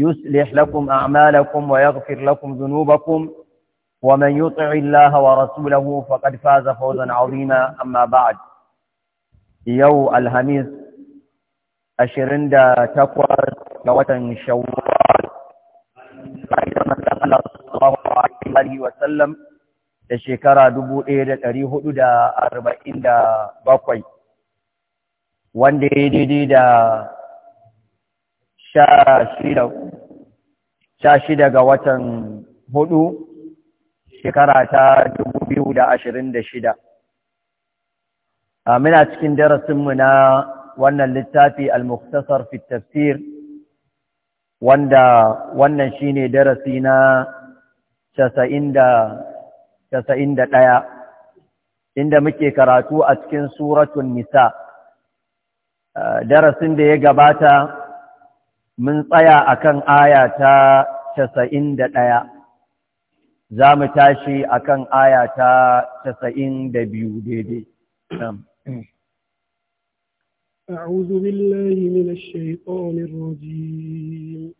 يصلح لكم أعمالكم ويغفر لكم ذنوبكم ومن يطع الله ورسوله فقد فاز فوزا عظيما أما بعد يو الهميس أشرين تقوى لوطن شوال بعدما الله الله عليه وسلم الشكرى دبو dubu ɗaya da اربع hudu da وان da bakwai wanda ya sha shida ga watan hudu shekara ta dubu biyu da ashirin da shida. Muna cikin darasinmu na wannan littafi al-muktasar fi wanda wannan shine darasi na casa'in da ɗaya inda muke karatu a cikin suratun nisa darasin da ya gabata mun tsaya akan aya ta 91 za mu tashi akan aya ta 92 daidai أعوذ بالله من الشيطان الرجيم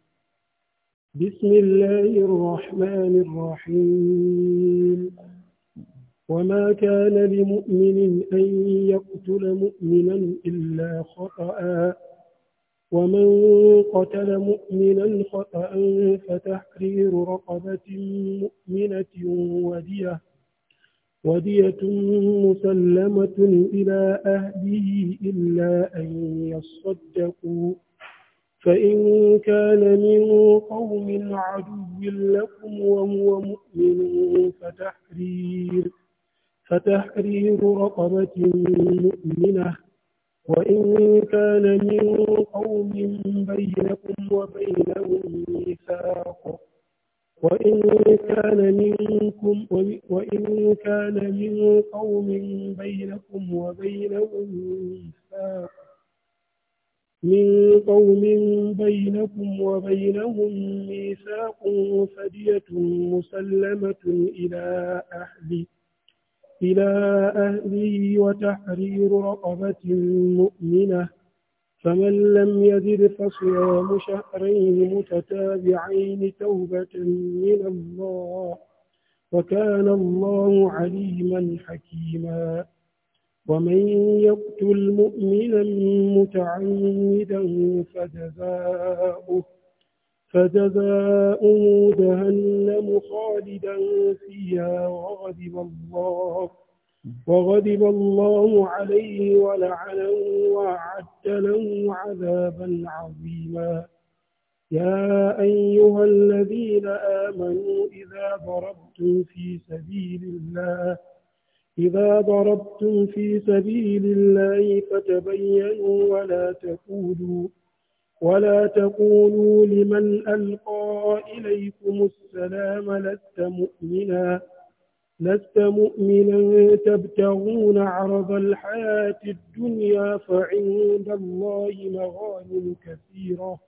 بسم الله الرحمن الرحيم وما كان لمؤمن أن يقتل مؤمنا إلا خطأً ومن قتل مؤمنا خطأ فتحرير رقبة مؤمنة ودية ودية مسلمة إلى أهله إلا أن يصدقوا فإن كان من قوم عدو لكم وهو مؤمن فتحرير فتحرير رقبة مؤمنة وإن كان من قوم بينكم وبينهم ميثاق وإن كان منكم وإن كان من قوم بينكم وبينهم ميثاق من قوم بينكم وبينهم ميثاق فدية مسلمة إلى أهله إلى أهله وتحرير رقبة مؤمنة فمن لم يجد فصيام شهرين متتابعين توبة من الله وكان الله عليما حكيما ومن يقتل مؤمنا متعمدا فجزاؤه فجزاؤه جهنم خالدا فيها وغضب الله وغضب الله عليه ولعنه وأعد له عذابا عظيما يا أيها الذين آمنوا إذا ضربتم في سبيل الله إذا ضربتم في سبيل الله فتبينوا ولا تقولوا ولا تقولوا لمن ألقى إليكم السلام لست مؤمنا لست مؤمنا تبتغون عرض الحياة الدنيا فعند الله مغانم كثيرة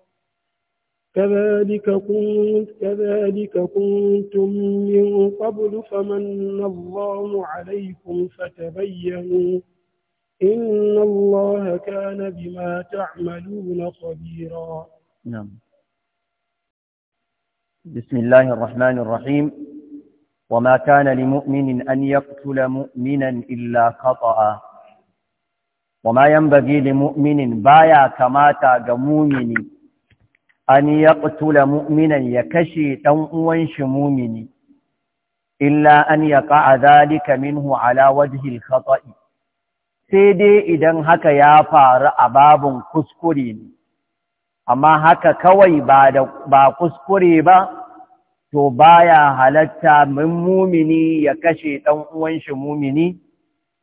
كذلك كنت كذلك كنتم من قبل فمن الله عليكم فتبينوا إن الله كان بما تعملون خبيرا نعم بسم الله الرحمن الرحيم وما كان لمؤمن أن يقتل مؤمنا إلا خطأ وما ينبغي لمؤمن بايا كما تاغمومني أن يقتل مؤمنا يكشي تنقوانش مؤمني إلا أن يقع ذلك منه على وجه الخطأ sai dai idan haka ya faru a babin kuskure ne amma haka kawai ba kuskure ba to baya halatta min mumini ya kashe ɗan uwanshi shi mumini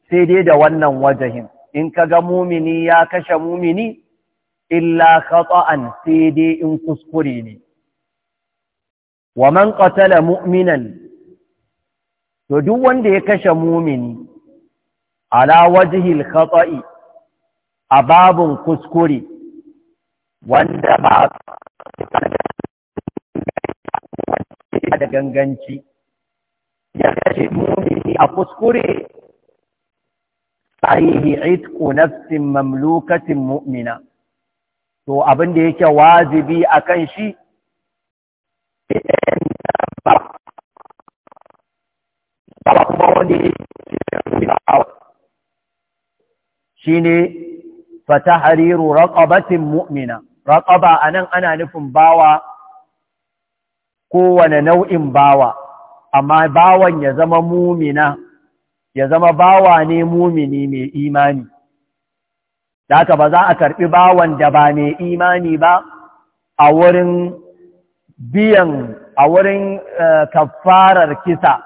sai dai da wannan wajahin in ka ga mumini ya kashe mumini illa katsa'an sai dai in kuskure ne wa man mu'minan to duk wanda ya kashe mumini ala wajihil khata'i a babun kuskure wanda ba da ganganci ya kashe mumini a kuskure sahihi itku nafsin mamlukatin mu'mina to abin da yake wajibi a kan shi ba kuma wanda yake shine fatahriru raqabatin mu'mina a nan ana nufin bawa kowane nau'in bawa amma bawan ya zama mumina ya zama bawa ne mumini mai imani da ba za a karɓi bawan da ba mai imani ba a wurin biyan a wurin eh, kafarar kisa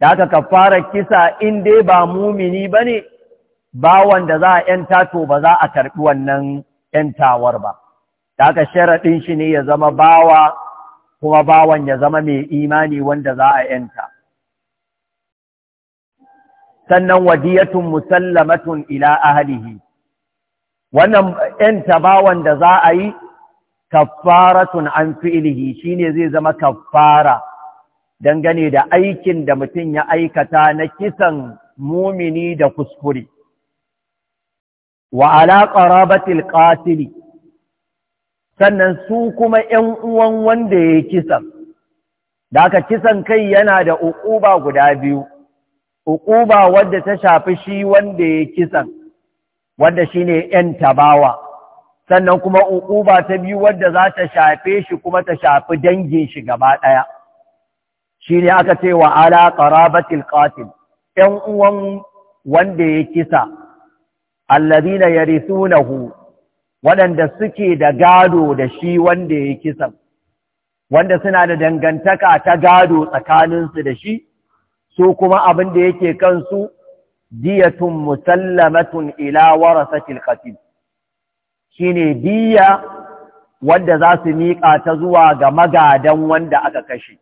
da kafarar kisa in dai ba mumini ba bawan da za a ‘yanta to ba za a karɓi wannan ‘yantawar ba, da aka sharaɗin shi ne ya zama bawa kuma bawan ya zama mai imani wanda za a ‘yanta. Sannan wadiyatun musallamatun ila ahalihi, wannan ‘yanta bawan da za a yi kafaratun an fi'ilihi shi ne zai zama kaffara dangane da aikin da mutum ya aikata na kisan mumini da kuskure. wa ala qarabatil qatili sannan su kuma ‘yan uwan wanda ya yi kisan, da aka kisan kai yana da uquba guda biyu, uquba wadda ta shafi shi wanda ya yi kisan, wadda shi ne ‘yan tabawa, sannan kuma uquba ta biyu wadda za ta shafe shi kuma ta shafi dangin shi gaba ɗaya. Shi ne aka ce wa ala ƙarabatil ‘yan uwan wanda ya kisa, alladina yarithunahu waɗanda suke da gado da shi wanda ya kisa wanda suna da dangantaka ta gado tsakaninsu da shi su kuma abin da yake kansu diyatun musallamatun ila warasatil qatil shine diya wanda za su miƙa ta zuwa ga magadan wanda aka kashe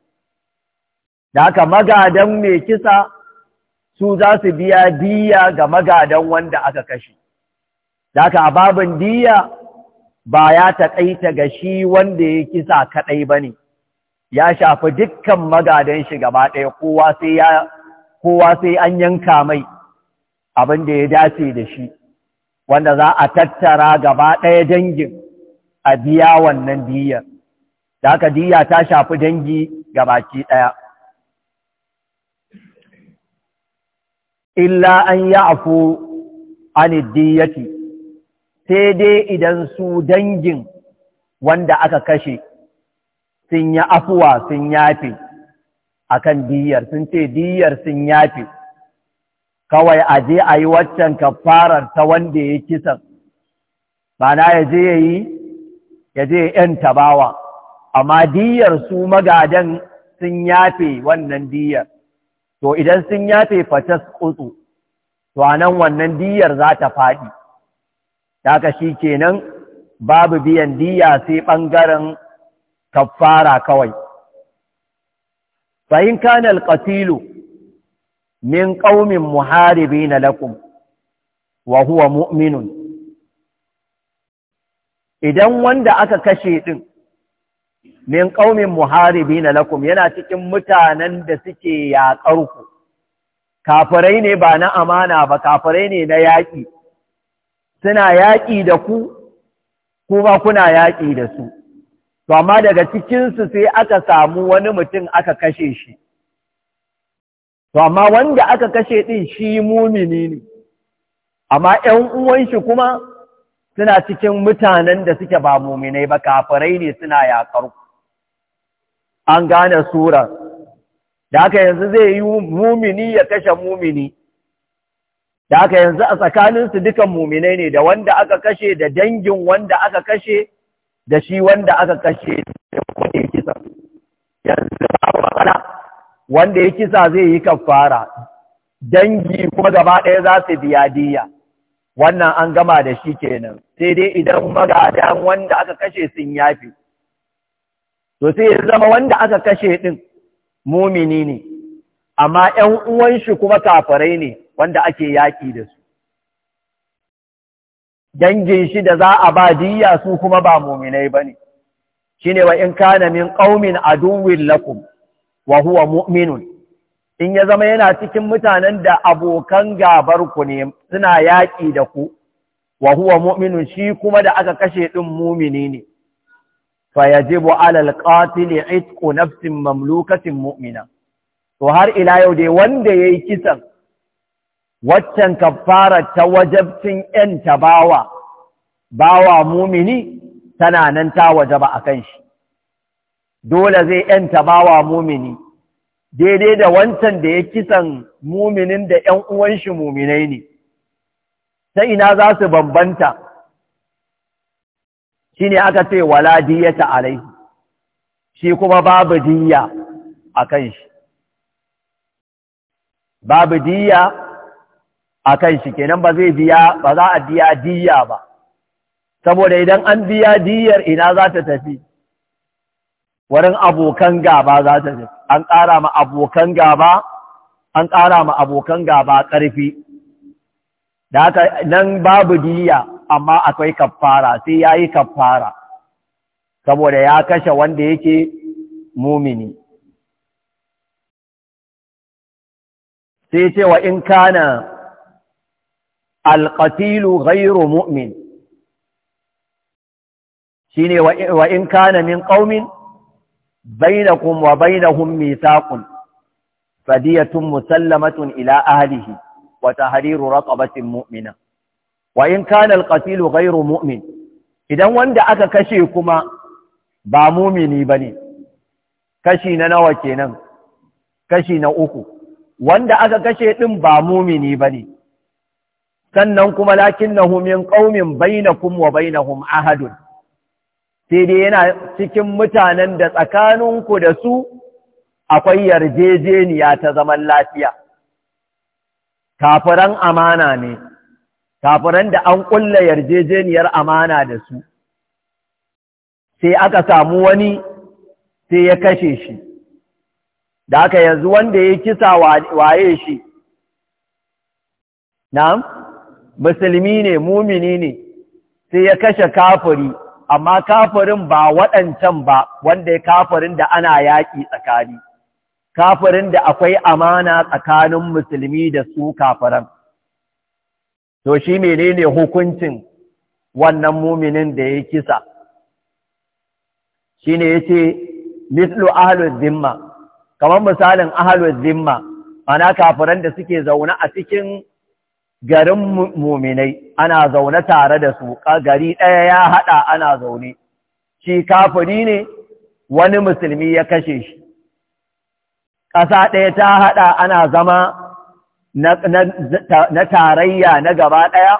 da haka magadan mai kisa su za su biya diya ga magadan wanda aka kashe da haka a babin diya ba ya taƙaita ga shi wanda ya kisa kaɗai ba ne, ya shafi dukkan magadan shi gaba ɗaya kowa sai an yanka mai abin da ya dace da shi, wanda za a tattara gaba ɗaya dangin a biya wannan diyar. Da haka diya ta shafi dangi baki ɗaya. Illa an ya afu anidiyati sai dai idan su dangin wanda aka kashe sun yi afuwa sun yafe a kan diyar sun ce diyar sun yafe kawai a je a yi waccan kafarar ta wanda ya kisan ba na ya je ya yi ya je ‘yan tabawa, amma diyar su magadan sun yafe wannan diyar, to idan sun yafe fatas kutsu, to a nan wannan diyar za ta faɗi, ka shi kenan babu biyan diya sai ɓangaren kafara kawai Fahim kanal ƙatilu min ƙaumin muharibi na lakum wa huwa mu'minun idan wanda aka kashe ɗin min ƙaumin muharibi na lakum yana cikin mutanen da suke yaƙarku kafirai ne ba na amana ba kafirai ne na yaƙi suna yaƙi da ku kuma kuna yaƙi da su to amma daga cikinsu sai aka samu wani mutum aka kashe shi to amma wanda aka kashe ɗin shi mumini ne amma ‘yan uwan shi kuma suna cikin mutanen da suke ba muminai ba kafirai ne suna yaƙar an gane sura da haka yanzu zai yi mumini ya kashe mumini da aka yanzu a tsakaninsu dukan muminai ne da wanda aka kashe da dangin wanda aka kashe da shi wanda aka kashe da kone kisa yanzu da matsala wanda ya kisa zai yi kafara dangi kuma gaba ɗaya za su biya diya wannan an gama da shi kenan sai dai idan magadan wanda aka kashe sun yafi to sai ya zama wanda aka kashe din, mumini ne amma ‘yan uwan shi kuma kafirai ne wanda ake yaƙi da su dangin shi da za a ba diyya su kuma ba muminai ba ne shi ne wa in kana min ƙaumin aduwin lakum wa huwa mu'minun in ya zama yana cikin mutanen da abokan gabarku ne suna yaƙi da ku wa huwa mu'minun shi kuma da aka kashe ɗin mumini ne fayajibu alal qatili itqu nafsin mamlukatin mu'mina to har ila yau dai wanda yi kisan waccan kafara ta wajabcin ‘yan tabawa bawa, mumini tana nan ta wajaba a shi, dole zai 'yanta tabawa bawa mumini, daidai da wancan da ya kisan muminin da ‘yan uwan shi muminai ne, ta ina za su bambanta, shi aka ce wala diyata alaihi, shi kuma babu diyya a shi. Babu diyya. a kan shi kenan ba zai biya ba za a biya diya ba saboda idan an biya diyar ina za ta tafi wurin abokan gaba za ta tafi an ƙara ma abokan gaba an ƙara ma abokan gaba ƙarfi da haka nan babu diya amma akwai kaffara sai ya yi kaffara saboda ya kashe wanda yake mumini sai ce wa in kana alƙatilu ghairu mu'min shi ne wa in kana min ƙaumin bainakum wa bainahum mithaqun fadiyatun musallamatun ila ahlihi wa tahriru raqabatin mu'mina wa in kana alqatilu ghairu mu'min idan wanda aka kashe kuma ba mu'mini bane kashi na nawa kenan kashi na uku wanda aka kashe ɗin ba mu'mini bane sannan kuma lakin lakinnahu min qaumin bainakum wa bainahum ahadun sai dai yana cikin mutanen da tsakaninku da su akwai yarjejeniya ta zaman lafiya kafiran amana ne kafiran da an ƙulla yarjejeniyar amana da su sai aka samu wani sai ya kashe shi da aka yanzu wanda ya kisa waye shi na'am musulmi ne mumini ne sai ya kashe kafiri amma kafirin ba waɗancan ba wanda ya kafirin da ana yaƙi tsakani kafirin da akwai amana tsakanin musulmi da su kafiran to shi menene hukuncin wannan muminin da ya kisa Shi shine yace mislu ahlul zimma kamar misalin ahlul zimma ana kafiran da suke zaune a cikin garin muminai ana zaune tare da su gari ɗaya ya haɗa ana zaune shi kafiri ne wani musulmi ya kashe shi ƙasa ɗaya ta haɗa ana zama na tarayya na gaba ɗaya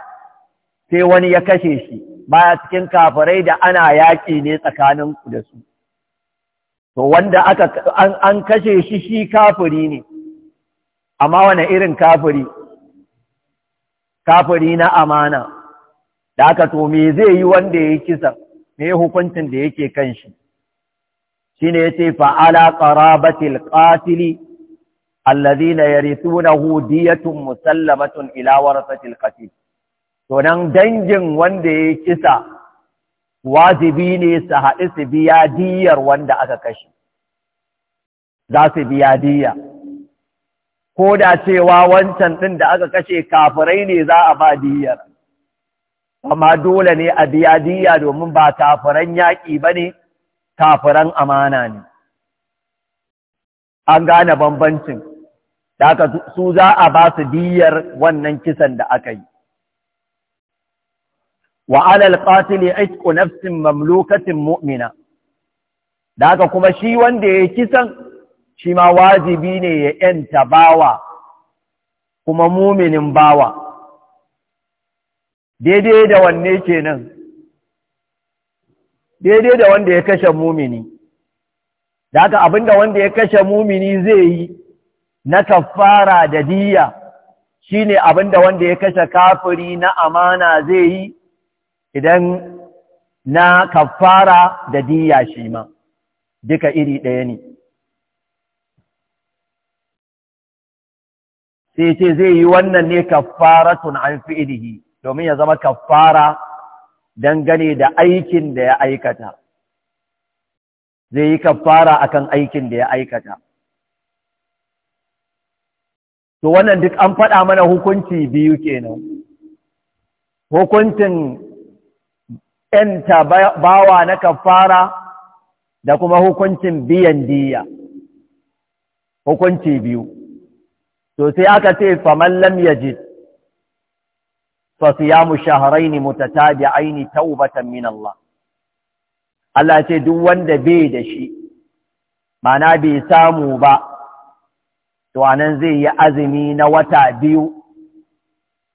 sai wani ya kashe shi baya cikin kafurai da ana yaƙi ne tsakaninku da su to wanda an kashe shi shi kafiri ne amma wane irin kafuri. kafiri na amana da aka to me zai yi wanda ya kisa me hukuncin da yake kan shi shine yace fa ala allazina qatil alladhina yarithunahu diyatun musallamatun ilawar satil qatil to nan dangin wanda ya kisa wajibi ne su haɗu su biya diyar wanda aka kashe za su biya diya ko da cewa wancan ɗin da aka kashe kafirai ne za a ba diyar amma dole ne a biya diya domin ba kafiran yaƙi ba ne kafiran amana ne an gane bambancin da aka su za a ba su diyar wannan kisan da aka yi وعلى القاتل عتق nafsin مملوكة mumina da aka kuma shi wanda ya yi kisan shi ma wajibi ne ya ‘yanta bawa kuma muminin bawa daidai da wanne kenan daidai da wanda ya kashe mumini da haka abinda wanda ya kashe mumini zai yi na kafara da diya shine abinda wanda ya kashe kafiri na amana zai yi idan na kafara da diya shi ma duka iri ɗaya ne sai ce zai yi wannan ne tun an fi'ilihi domin ya zama kaffara dangane da aikin da ya aikata zai yi kaffara akan aikin da ya aikata to wannan duk an faɗa mana hukunci biyu kenan hukuncin ‘yanta bawa na kafara da kuma hukuncin biyan diya, hukunci biyu. to sai aka ce faman lam yajid fa siyamu shahrayn mutatabi'ain ta min Allah Allah ce duk wanda bai da shi mana bai samu ba to anan zai yi azumi na wata biyu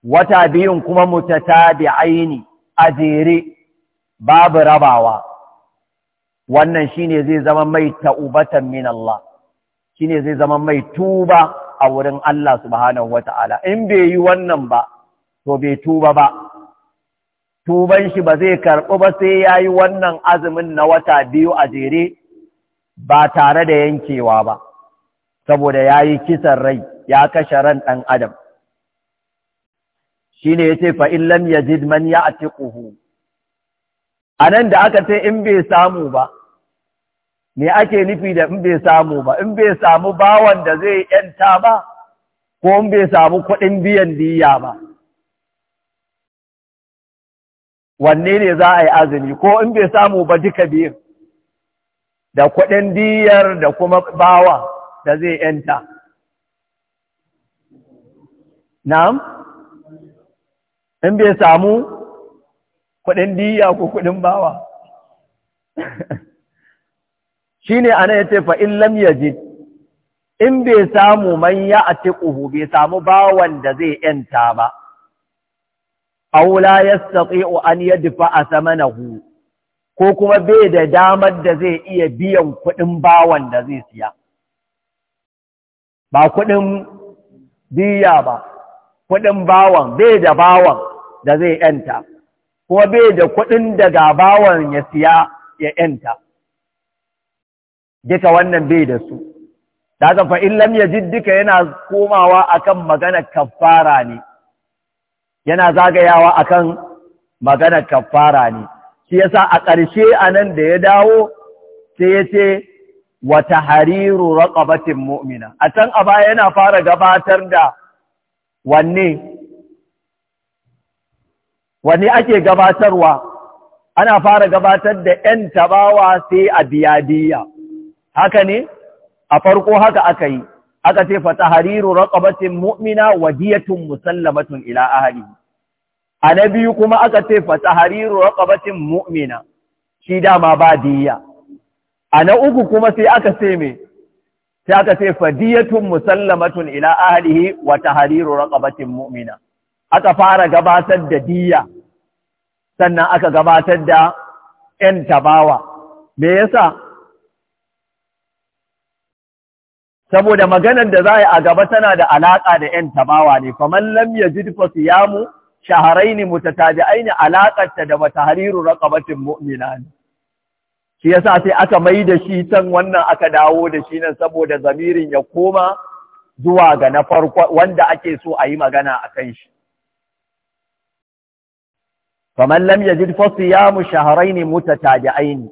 wata biyun kuma mutatabi'aini a jere babu rabawa wannan shine zai zama mai taubatan min Allah shine zai zama mai tuba a wurin Allah subhanahu wata'ala in bai yi wannan ba to bai tuba ba tuban shi ba zai karɓi ba sai ya yi wannan azumin na wata biyu a jere ba tare da yankewa ba saboda ya yi kisan rai ya kashe ran ɗan adam shi ne ya ce fa'in lam ya jidman ya a cikuhu a nan da aka ce in bai samu ba me ake nufi da in bai samu ba in bai samu bawan da zai yanta ba ko in bai samu kuɗin biyan diya ba wanne ne za a yi azumi ko in bai samu ba duka biyan, da kuɗin diyar da kuma bawa da zai yanta na'am in bai samu kuɗin diya ko kuɗin bawa shi ne anan yace fa in lam yajid in bai samu man ya atiquhu bai samu bawan da zai yanta ba aw la yastati'u an yadfa thamanahu ko kuma bai da damar da zai iya biyan kuɗin bawan da zai siya ba kuɗin biya ba kuɗin bawan bai da bawan da zai yanta kuma bai da kuɗin daga bawan ya siya ya yanta duka wannan bai da su daga fa in lamya yana komawa kan maganar kaffara ne yana zagayawa akan maganar kaffara ne shi yasa a ƙarshe a nan da ya dawo sai ya ce Wata Hariru raqabatin mu'mina a can a baya yana fara gabatar da wanne wanne ake gabatarwa ana fara gabatar da 'yan tabawa sai a biyadiyya haka ne a farko haka aka yi aka ce fa tahriru raqabatin mu'mina wa diyatun musallamatun ila ahli a na biyu kuma aka ce fa tahriru raqabatin mu'mina shi dama ba diya a na uku kuma sai aka ce me sai aka ce fa diyatun musallamatun ila ahlihi wa tahriru raqabatin mu'mina aka fara gabatar da diya sannan aka gabatar da 'yan tabawa me yasa saboda maganar da za a yi a gaba tana da alaƙa da ‘yan tabawa ne, kamar lam ya ji dufa mu ta shaharaini aini alaƙarta da mata hariru raƙabatin mu'mina ne. Shi yasa sai aka mai da shi can wannan aka dawo da shi nan saboda zamirin ya koma zuwa ga na farko wanda ake so a yi magana a kan shi. Kamar lamya lam ya mu shaharai ne mu shaharaini mutatabi'aini,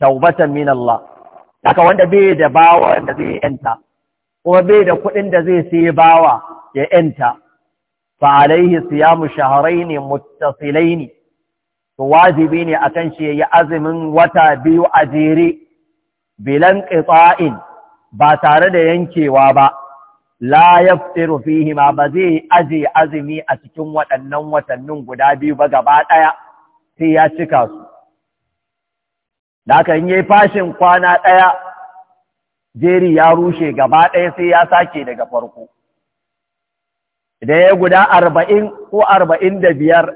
taubatan min Allah. haka wanda bai da bawa wanda zai yanta kuma bai da kuɗin da zai sai bawa ya yanta fa alaihi siyamu shahrayn ne. Su wajibi ne akan shi yayi azumin wata biyu a jere bilan qita'in ba tare da yankewa ba la yaftiru fihi ma ba zai aje azumi a cikin waɗannan watannin guda biyu ba gaba ɗaya sai ya cika su da aka yi fashin kwana ɗaya jeri ya rushe gaba ɗaya sai ya sake daga farko Da ya guda arba'in ko arba'in da biyar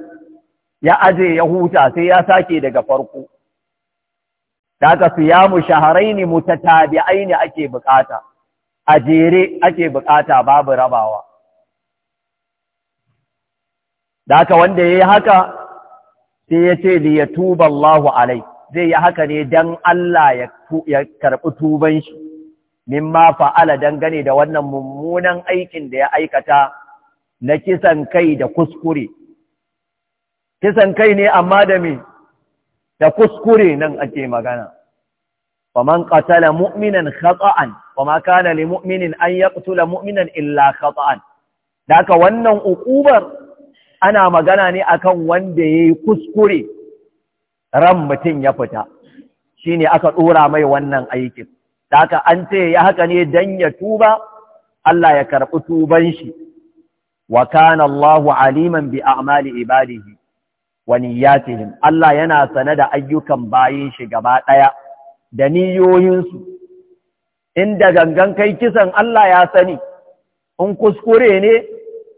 ya aje ya huta sai ya sake daga farko da aka siyamu shaharaini shaharai ne ake bukata a jere ake bukata babu rabawa da aka wanda ya yi haka sai ya ce da ya tuba alai zai yi haka ne don Allah ya karɓi tuban shi, ma fa'ala dangane da wannan mummunan aikin da ya aikata na kisan kai da kuskure. Kisan kai ne amma da mi, da kuskure nan ake magana. Faman ƙatala mu'minan khata'an, Kuma kana li mu'minin an ya ƙutula mu'minan illa khata'an. Daka wannan uƙubar ana magana ne akan wanda ya yi kuskure. ran mutum ya fita shi ne aka ɗora mai wannan aikin da haka an ce ya haka ne dan ya tuba Allah ya karɓi tuban shi wa kana Allahu aliman bi a'mali ibadihi wa niyyatihim Allah yana sane da ayyukan bayin shi gaba ɗaya da niyoyinsu inda gangan kai kisan Allah ya sani in kuskure ne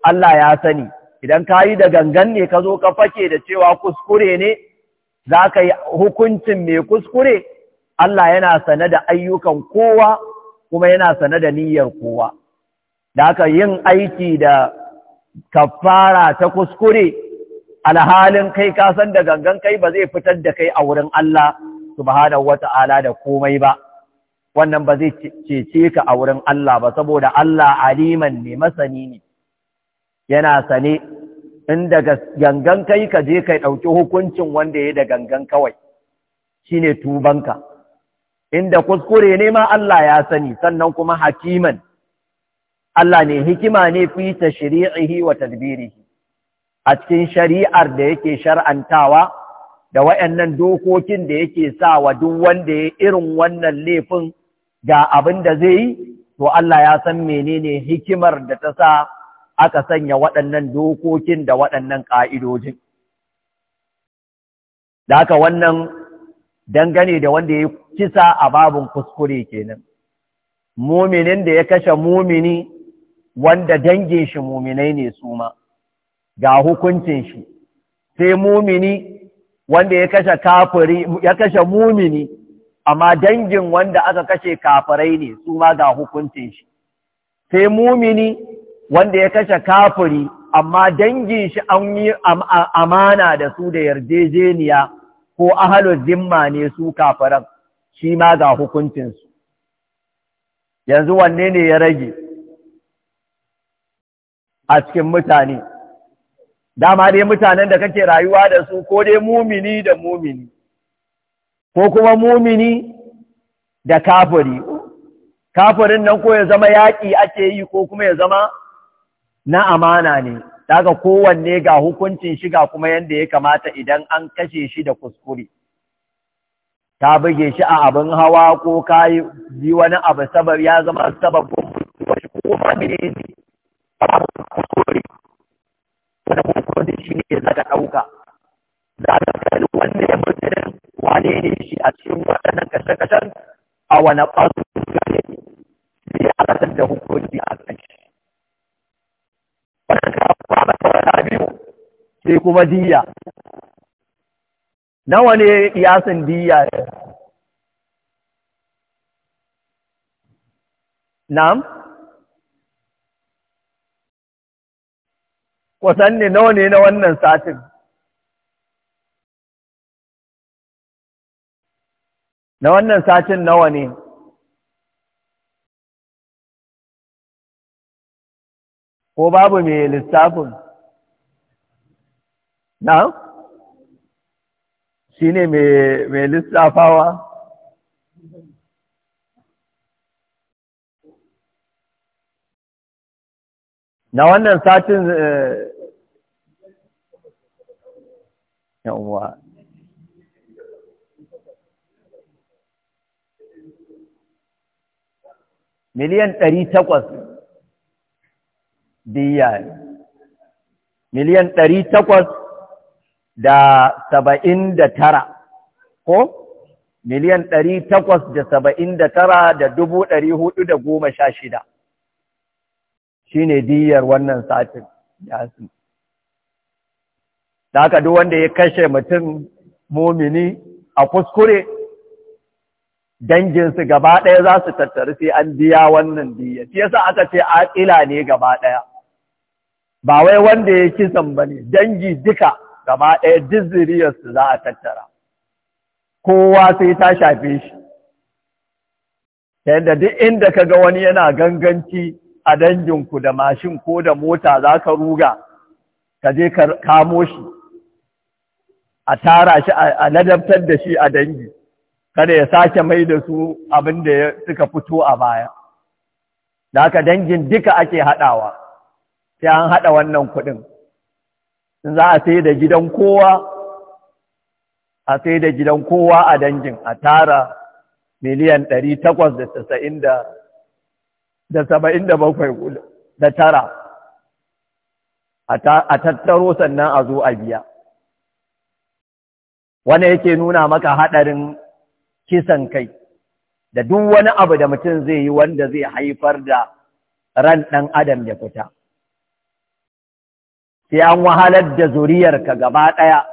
Allah ya sani idan kayi da gangan ne ka zo ka fake da cewa kuskure ne za ka yi hukuncin mai kuskure, Allah yana sane da ayyukan kowa kuma yana sane da niyyar kowa. Da aka yin aiki da kafara ta kuskure, alhalin kai kasan da gangan kai ba zai fitar da kai a wurin Allah subhanahu ta'ala da komai ba. Wannan ba zai cece ka a wurin Allah ba, saboda Allah aliman ne masani ne, yana sane in daga gangan kai ka je ka ɗauki hukuncin wanda ya da gangan kawai shine tubanka inda kuskure ne ma Allah ya sani sannan kuma hakiman Allah ne hikima ne fi ta shari'ihi wa tadbirihi a cikin shari'ar da yake shar'antawa da wayannan dokokin da yake sa wa duk wanda ya irin wannan laifin ga abin da zai yi to Allah ya san menene hikimar da ta sa aka sanya waɗannan dokokin da waɗannan ƙa'idojin. Da aka wannan dangane da wanda ya kisa a babin kuskure kenan. Muminin da ya kashe mumini wanda dangin shi muminai ne su ma, ga hukuncin shi, sai mumini wanda ya kashe kafiri, ya kashe mumini, amma dangin wanda aka kashe kafirai ne su ma ga hukuncin shi. Sai mumini wanda ya kashe kafuri, amma dangin shi an yi amana da su da yarjejeniya ko ahalul zimma ne su kafiran shi ma ga hukuncinsu yanzu wanne ne ya rage a cikin mutane dama dai mutanen da kake rayuwa da su ko dai mumini da mumini ko kuma mumini da kafuri. Kafurin nan ko ya zama yaƙi ake yi ko kuma ya zama na amana ne daga kowanne ga hukuncin shiga kuma yadda ya kamata idan an kashe shi da kuskure ta buge shi a abin hawa ko ka yi wani abu sabar ya zama sabar ko wasu kuma ne kuskure wani hukuncin shi ne zaka ɗauka za ka kai wanne ya mutu wane ne shi a cikin waɗannan kashe-kashen a wani ɓasu ne ya da hukunci a kashe. wannan ka kwana kwana biyu sai kuma diya nawa ne kiyasin diya na'am kwasan ne nawa ne na wannan satin na wannan satin nawa ne ko babu mai lissafin na shi ne mai lissafawa na wannan satin eh, yawwa miliyan ɗari takwas diya miliyan ɗari takwas da saba'in da tara ko miliyan ɗari takwas da saba'in da tara da dubu ɗari hudu da goma sha shida shi ne diyar wannan satin yasin da aka duk wanda ya kashe mutum momini a kuskure danginsu gaba ɗaya za su tattaru sai an biya wannan diyar shi sa aka ce a ƙila ne gaba ɗaya ba wai wanda ya kisan ba ne dangi duka gaba ɗaya duk za a tattara kowa sai ta shafe shi yadda duk inda ka ga wani yana ganganci a danginku da mashin ko da mota za ka ruga ka je ka kamo shi a tara shi a ladabtar da shi a dangi kada ya sake mai da su abin da suka fito a baya da haka dangin duka ake haɗawa sai an haɗa wannan kuɗin in za a sai da gidan kowa a sai da gidan kowa a dangin a tara miliyan ɗari takwas da tasa'in da saba'in da bakwai da tara a tattaro sannan a zo a biya Wane yake nuna maka haɗarin kisan kai da duk wani abu da mutum zai yi wanda zai haifar da ran ɗan adam ya fita sai an wahalar da zuriyarka gaba ɗaya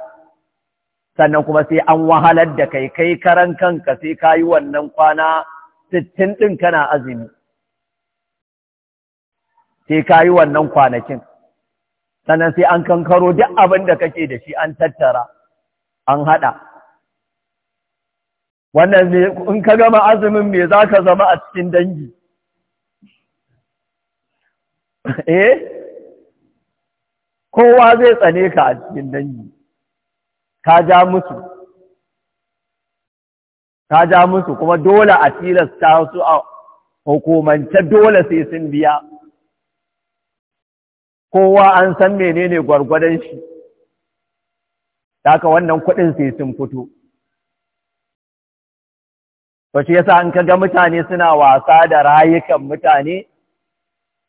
sannan kuma sai an wahalar da kai kai karan kanka sai ka yi wannan kwana sittin ɗin kana azumi sai ka yi wannan kwanakin sannan sai an kankaro duk abin da kake da shi an tattara an haɗa wannan in ka gama azumin me za ka zama a cikin dangi eh kowa zai tsane ka a cikin dangi ka ja musu ka ja musu kuma dole a tilasta su a hukumance dole sai sun biya kowa an san menene gwargwadon shi haka wannan kuɗin sai sun fito to shi yasa an kaga mutane suna wasa da rayukan mutane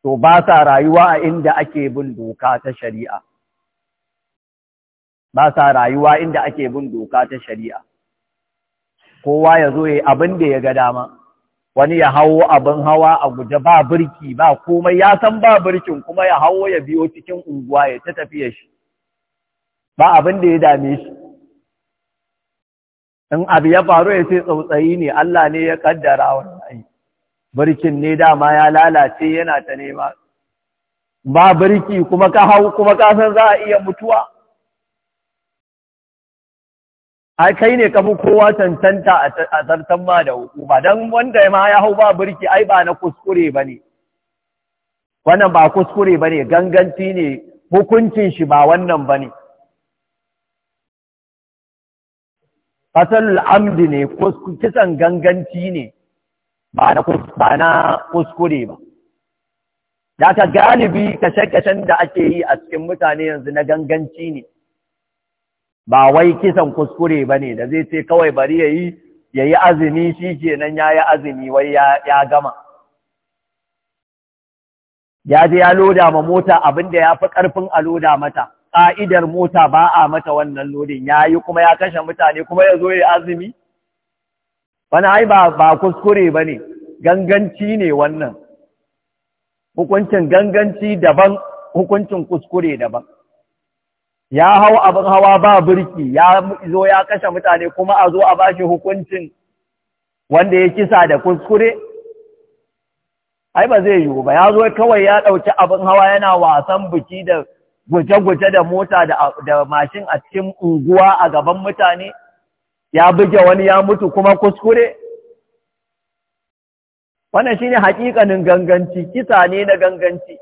to ba sa rayuwa a inda ake bin doka ta shari'a ba sa rayuwa inda ake bin doka ta shari'a kowa ya zo ya abin da ya ga dama wani ya hawo abin hawa a guje ba birki ba komai ya san ba birkin kuma ya hawo ya biyo cikin unguwa ya ta tafiya shi ba abin da ya dame shi in abu ya faru ya ce tsautsayi ne Allah ne ya kaddara wani birkin ne dama ya lalace yana ta nema ba birki kuma ka hau kuma ka san za a iya mutuwa a kai ne kafi kowa tantanta a zartan ma da hukuma don wanda ma ya hau ba birki ai ba na kuskure ba ne wannan ba kuskure ba ne ganganci ne hukuncin shi ba wannan ba ne fasalul amdi ne kisan ganganci ne ba na kuskure ba da galibi kashe-kashen da ake yi a cikin mutane yanzu na ganganci ne ba wai kisan kuskure ba ne da zai ce kawai bari ya yi ya yi azumi shi kenan ya yi azumi wai ya gama ya je ya loda ma mota abinda ya fi ƙarfin a loda mata ƙa'idar mota ba a mata wannan lodin ya yi kuma ya kashe mutane kuma ya zo ya azumi wani ai ba kuskure ba ne ganganci ne wannan hukuncin ganganci daban hukuncin kuskure daban ya hau abin hawa ba birki ya zo ya kashe mutane kuma a zo a bashi hukuncin wanda ya kisa da kuskure ai ba zai yiwu ba ya zo kawai ya ɗauki abin hawa yana wasan biki da guje-guje da mota da mashin a cikin unguwa a gaban mutane ya buge wani ya mutu kuma kuskure wannan shine haƙiƙanin ganganci kisa ne na ganganci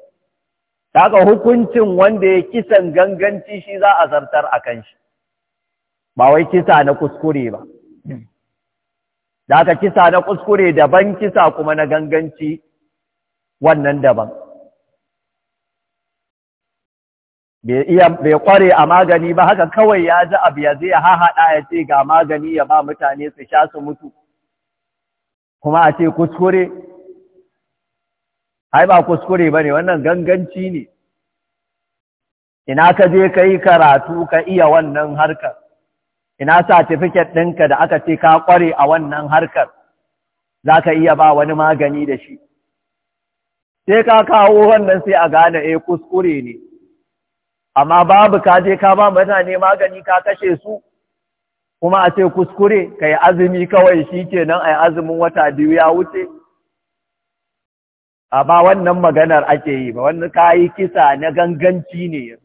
haka hukuncin wanda ya kisan ganganci shi za a zartar a kan shi ba wai kisa na kuskure ba da aka kisa na kuskure daban kisa kuma na ganganci wannan daban bai kware a magani ba haka kawai ya ji abu ya zai hahaɗa ya ce ga magani ya ba mutane su sha su mutu kuma a ce kuskure ai ba kuskure ba ne wannan ganganci ne ina ka je ka yi karatu ka iya wannan harkar ina satifiket ɗinka da aka ce ka kware a wannan harkar za ka iya ba wani magani da shi sai ka kawo wannan sai a gane e kuskure ne amma babu ka je ka ba mutane magani ka kashe su kuma a ce kuskure ka yi azumi kawai shi kenan a yi azumin wata biyu ya wuce amma wannan maganar ake yi ba wani ka yi kisa na ganganci ne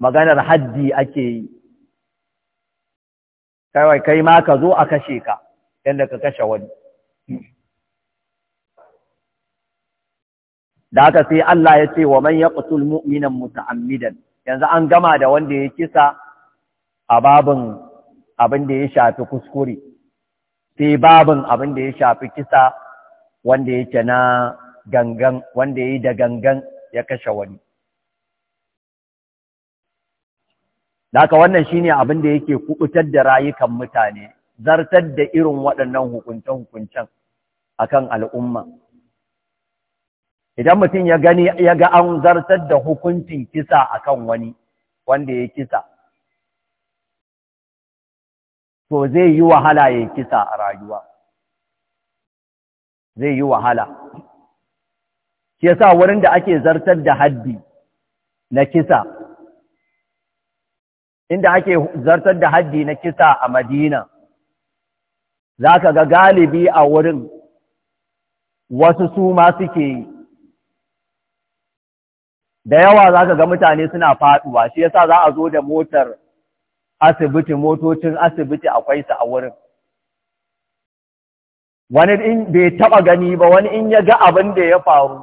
maganar haddi ake yi kawai kai ma ka zo a kashe ka yadda ka kashe wani da aka sai Allah ya ce wa man yaqtul mu'minan muta'ammidan yanzu an gama da wanda ya kisa a babin abin da ya shafi kuskure sai babin abin da ya shafi kisa wanda yake na gangan wanda yayi da gangan ya kashe wani da wannan shine abin da yake kubutar da rayukan mutane zartar da irin waɗannan hukuncen hukuncen akan al'umma idan mutum ya gani ya ga an zartar da hukuncin kisa akan wani wanda ya kisa to zai yi wahala ya kisa a rayuwa zai yi wahala shi yasa wurin da ake zartar da haddi na kisa inda ake zartar da haddi na kisa a Madina za ka ga galibi a wurin wasu su ma suke yi da yawa za ka ga mutane suna faduwa shi yasa za a zo da motar asibiti motocin asibiti akwai su a wurin wani in bai taba gani ba wani in ya ga abin da ya faru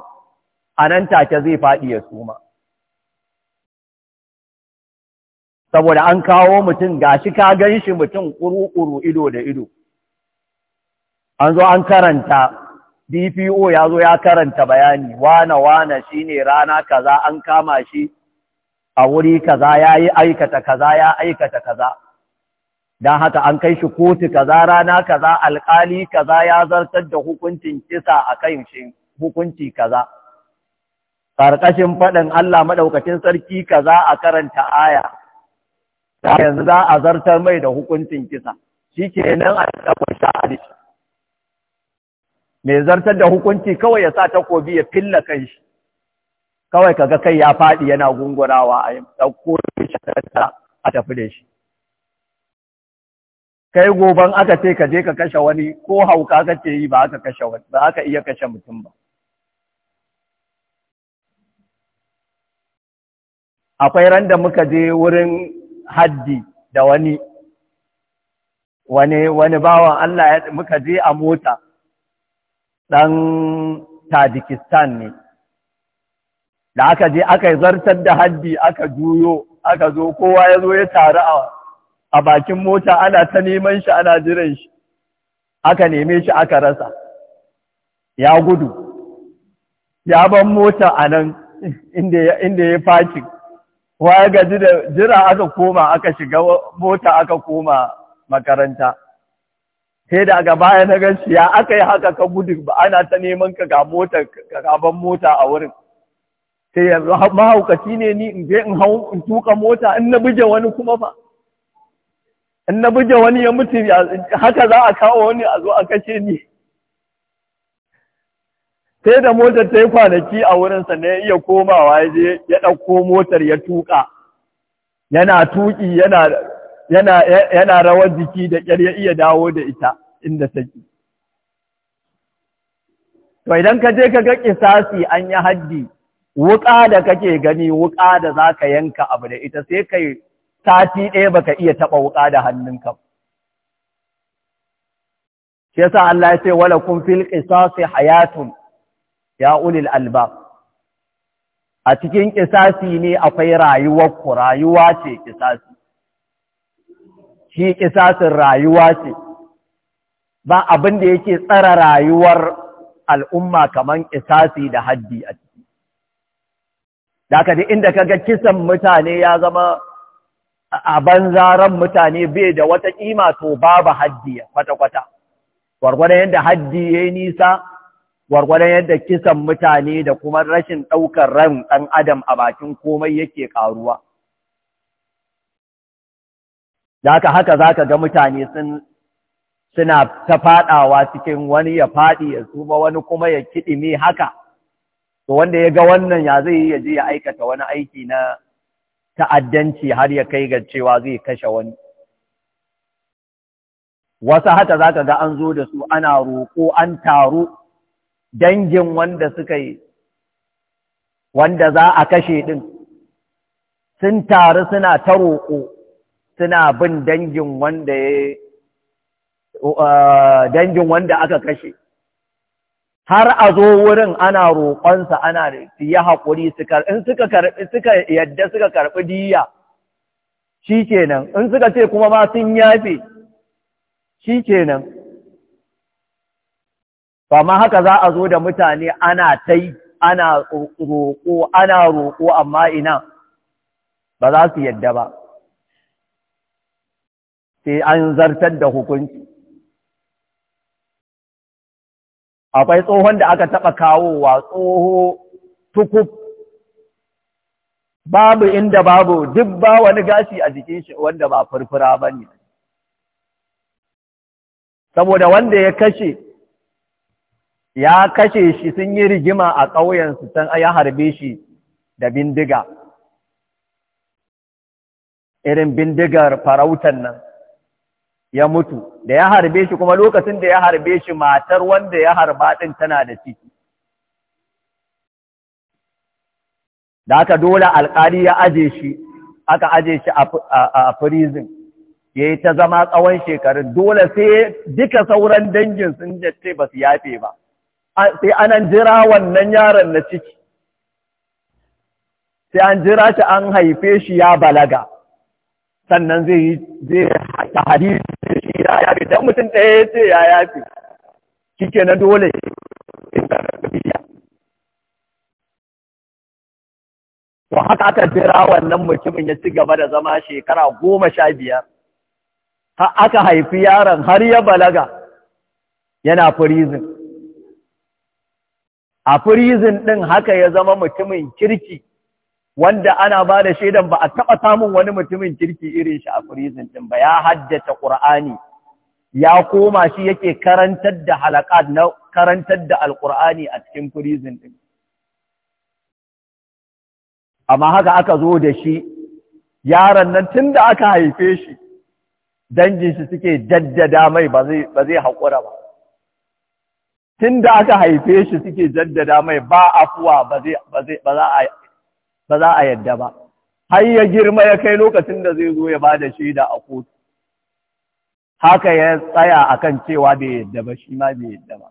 a nan take zai faɗi ya suma saboda an kawo mutum gashi ka gan shi mutum kuru-kuru ido da ido an zo an karanta DPO ya zo ya karanta bayani wana wana shine rana kaza an kama shi a wuri kaza ya yi aikata kaza ya aikata kaza don haka an kai shi kotu kaza rana kaza alkali kaza ya zartar da hukuncin kisa a kan shi hukunci kaza Karkashin faɗin Allah maɗaukacin sarki kaza a karanta aya yanzu za a zartar mai da hukuncin kisa shi ke nan a taɓa sha'adi mai zartar da hukunci kawai ya sa takobi ya filla kan shi kawai kaga kai ya faɗi yana gungurawa a ɗauko shi a tafi da shi kai goban aka ce ka je ka kashe wani ko hauka ce yi ba aka kashe wani ba aka iya kashe mutum ba akwai ran da muka je wurin haddi da wani wani wani bawan Allah muka je a mota ɗan tajikistan ne da aka je aka zartar da haddi aka juyo aka zo kowa ya zo ya taru a bakin mota ana ta neman shi ana jiran shi aka neme shi aka rasa ya gudu ya ban mota a nan inda ya faci wa ya gaji da jira aka koma aka shiga mota aka koma makaranta sai da gaba baya na gan ya aka yi haka ka gudu ba ana ta neman ka ga mota ka gaban mota a wurin sai ya mahaukaci ne ni in je in hau in tuka mota in na buje wani kuma fa in na buje wani ya mutu haka za a kawo wani a zo a kashe ni sai da motar ta yi kwanaki a wurinsa ne iya komawa ya je ya ɗauko motar ya tuka yana tuki yana rawar jiki da ƙyar ya iya dawo da ita inda take to idan ka je ka ga kisasi an yi haddi wuƙa da kake gani wuƙa da za ka yanka abu da ita sai kai sati ɗaya ba ka iya taɓa wuƙa da hannunka shi yasa Allah ya ce wala kun fil qisasi hayatun ya ulil albab a cikin ƙisasi ne akwai rayuwar ku rayuwa ce kisasi, shi ƙisasin rayuwa ce ba abin da yake tsara rayuwar al'umma kamar isasi da haddi a ciki. Daka da inda kaga kisan mutane ya zama a banzaren mutane bai da wata ƙima to babu haddi kwata-kwata. Gwargwadon yadda haddi ya yi nisa, gwargwadon yadda kisan mutane da kuma rashin ɗaukar ran ɗan adam a bakin komai yake ƙaruwa. Daka haka za ka ga mutane sun suna ta faɗawa cikin wani ya faɗi ya tsufa wani kuma ya mai haka to wanda ya ga wannan ya zai ya je ya aikata wani aiki na ta'addanci har ya kai ga cewa zai kashe wani wasu haka zaka ga an zo da su ana roƙo an taru dangin wanda suka yi wanda za a kashe din, sun taru suna ta roko suna bin dangin wanda ya Uh, dangin wanda aka kashe har a zo wurin ana roƙonsa ana yi haƙuri in suka karɓi suka yadda suka karɓi diya shi kenan in suka ce kuma ma sun yafe shi kenan ba ma haka za a zo da mutane ana ta yi ana roƙo ana roƙo amma ina ba za su yadda ba sai an zartar da hukunci akwai tsohon da aka taɓa kawowa tsoho tukub babu inda babu duk ba wani gashi a jikin shi wanda ba furfura ba ne saboda wanda ya kashe ya kashe shi sun yi rigima a ƙauyensu can ya harbe shi da bindiga irin bindigar farautan nan ya mutu da ya harbe shi kuma lokacin da ya harbe shi matar wanda ya harba ɗin tana da ciki da aka dole alƙali ya aje shi aka aje shi a prison ya yi ta zama tsawon shekarun dole sai duka sauran dangin sun jace ba su yafe ba sai anan jira wannan yaron na ciki sai an jira shi an haife shi ya balaga sannan zai yi zai hadisi ya yafi dan mutum ɗaya ya ce ya yafi kike na dole Ko haka aka jira wannan mutumin ya ci gaba da zama shekara goma sha biyar Ha aka haifi yaron har ya balaga yana firizin a firizin ɗin haka ya zama mutumin kirki wanda ana ba da shaidan ba a taɓa samun wani mutumin kirki irin shi a firizin ɗin ba ya haddata ƙur'ani ya koma shi yake karantar da halakat na karantar da alkur'ani a cikin prison din amma haka aka zo da shi yaron nan tun aka haife shi dangin shi suke jaddada mai ba zai haƙura ba tun aka haife shi suke jaddada mai ba afuwa ba za a yadda ba har ya girma ya kai lokacin da zai zo ya bada shaida a kotu haka ya tsaya akan cewa bai yadda ba shi ma bai yadda ba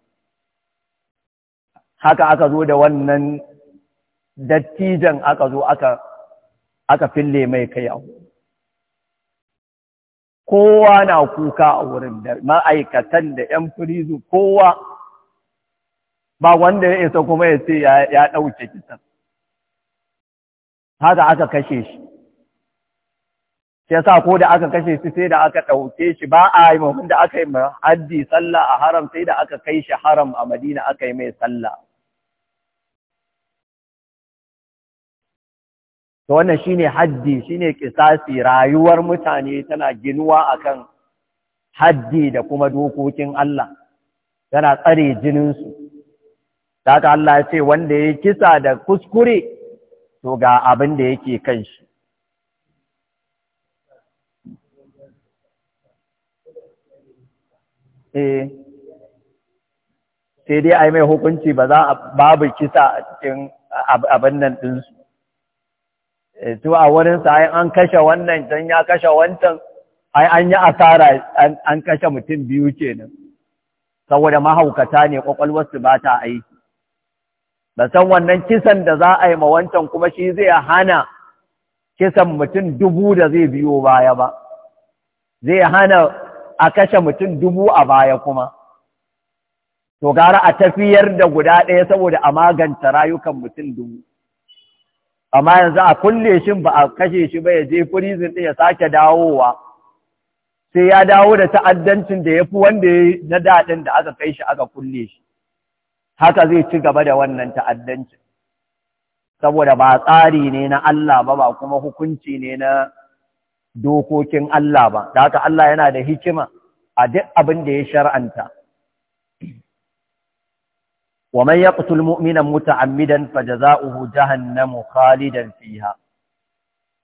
haka aka zo da wannan dattijan aka zo aka aka fille mai kai a kowa na kuka a wurin da ma'aikatan da 'yan firizu kowa ba wanda ya isa kuma ya ce ya ɗauke kisan haka aka kashe shi shi yasa ko da aka kashe shi sai da aka ɗauke shi ba a yi mamun da aka yi haddi sallah a haram sai da aka kai shi haram a madina aka yi mai sallah to wannan ne haddi shi ne kisasi rayuwar mutane tana ginuwa akan haddi da kuma dokokin Allah tana tsare jininsu ta Allah ya ce wanda ya kisa da kuskure to ga abin da yake kan shi eh sai dai a yi mai hukunci ba za a babu kisa a cikin abin nan ɗinsu eh, to a wurinsa ai an kashe wannan can ya kashe wancan ai an yi asara an kashe mutum biyu kenan saboda mahaukata ne kwakwalwarsu ba ta aiki ba san wannan kisan da za a yi ma wancan kuma shi zai hana kisan mutum dubu da zai biyo baya ba zai hana a kashe mutum dubu a baya kuma to gara a tafiyar da guda ɗaya saboda a maganta rayukan mutum dubu amma yanzu a kulle shi ba a kashe shi ba ya je prison ɗin ya sake dawowa sai ya dawo da ta'addancin da ya fi wanda ya na daɗin da aka kai shi aka kulle shi haka zai ci gaba da wannan ta'addancin saboda ba tsari ne na Allah ba ba kuma hukunci ne na dokokin Allah ba da haka Allah yana da hikima a duk abin da ya shar'anta wa man yaqtul mu'mina na fajaza'uhu jahannamu khalidan fiha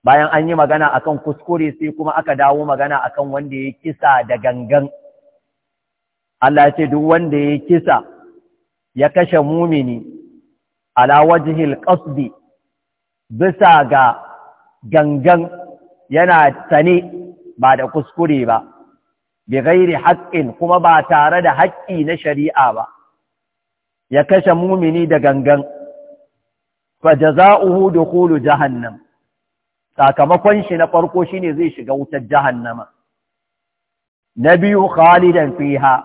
bayan an yi magana a kan kuskure sai kuma aka dawo magana a kan wanda ya kisa da gangan Allah ya ce duk wanda ya kisa ya kashe mumini ala wajihil ƙasbi bisa ga gangan yana sane ba da kuskure ba bi gairi haƙƙin kuma ba tare da haƙƙi na shari'a ba ya kashe mumini da gangan fa da da kulu jahannam sakamakon shi na farko shi ne zai shiga wutar jahannama na biyu khalidan fiha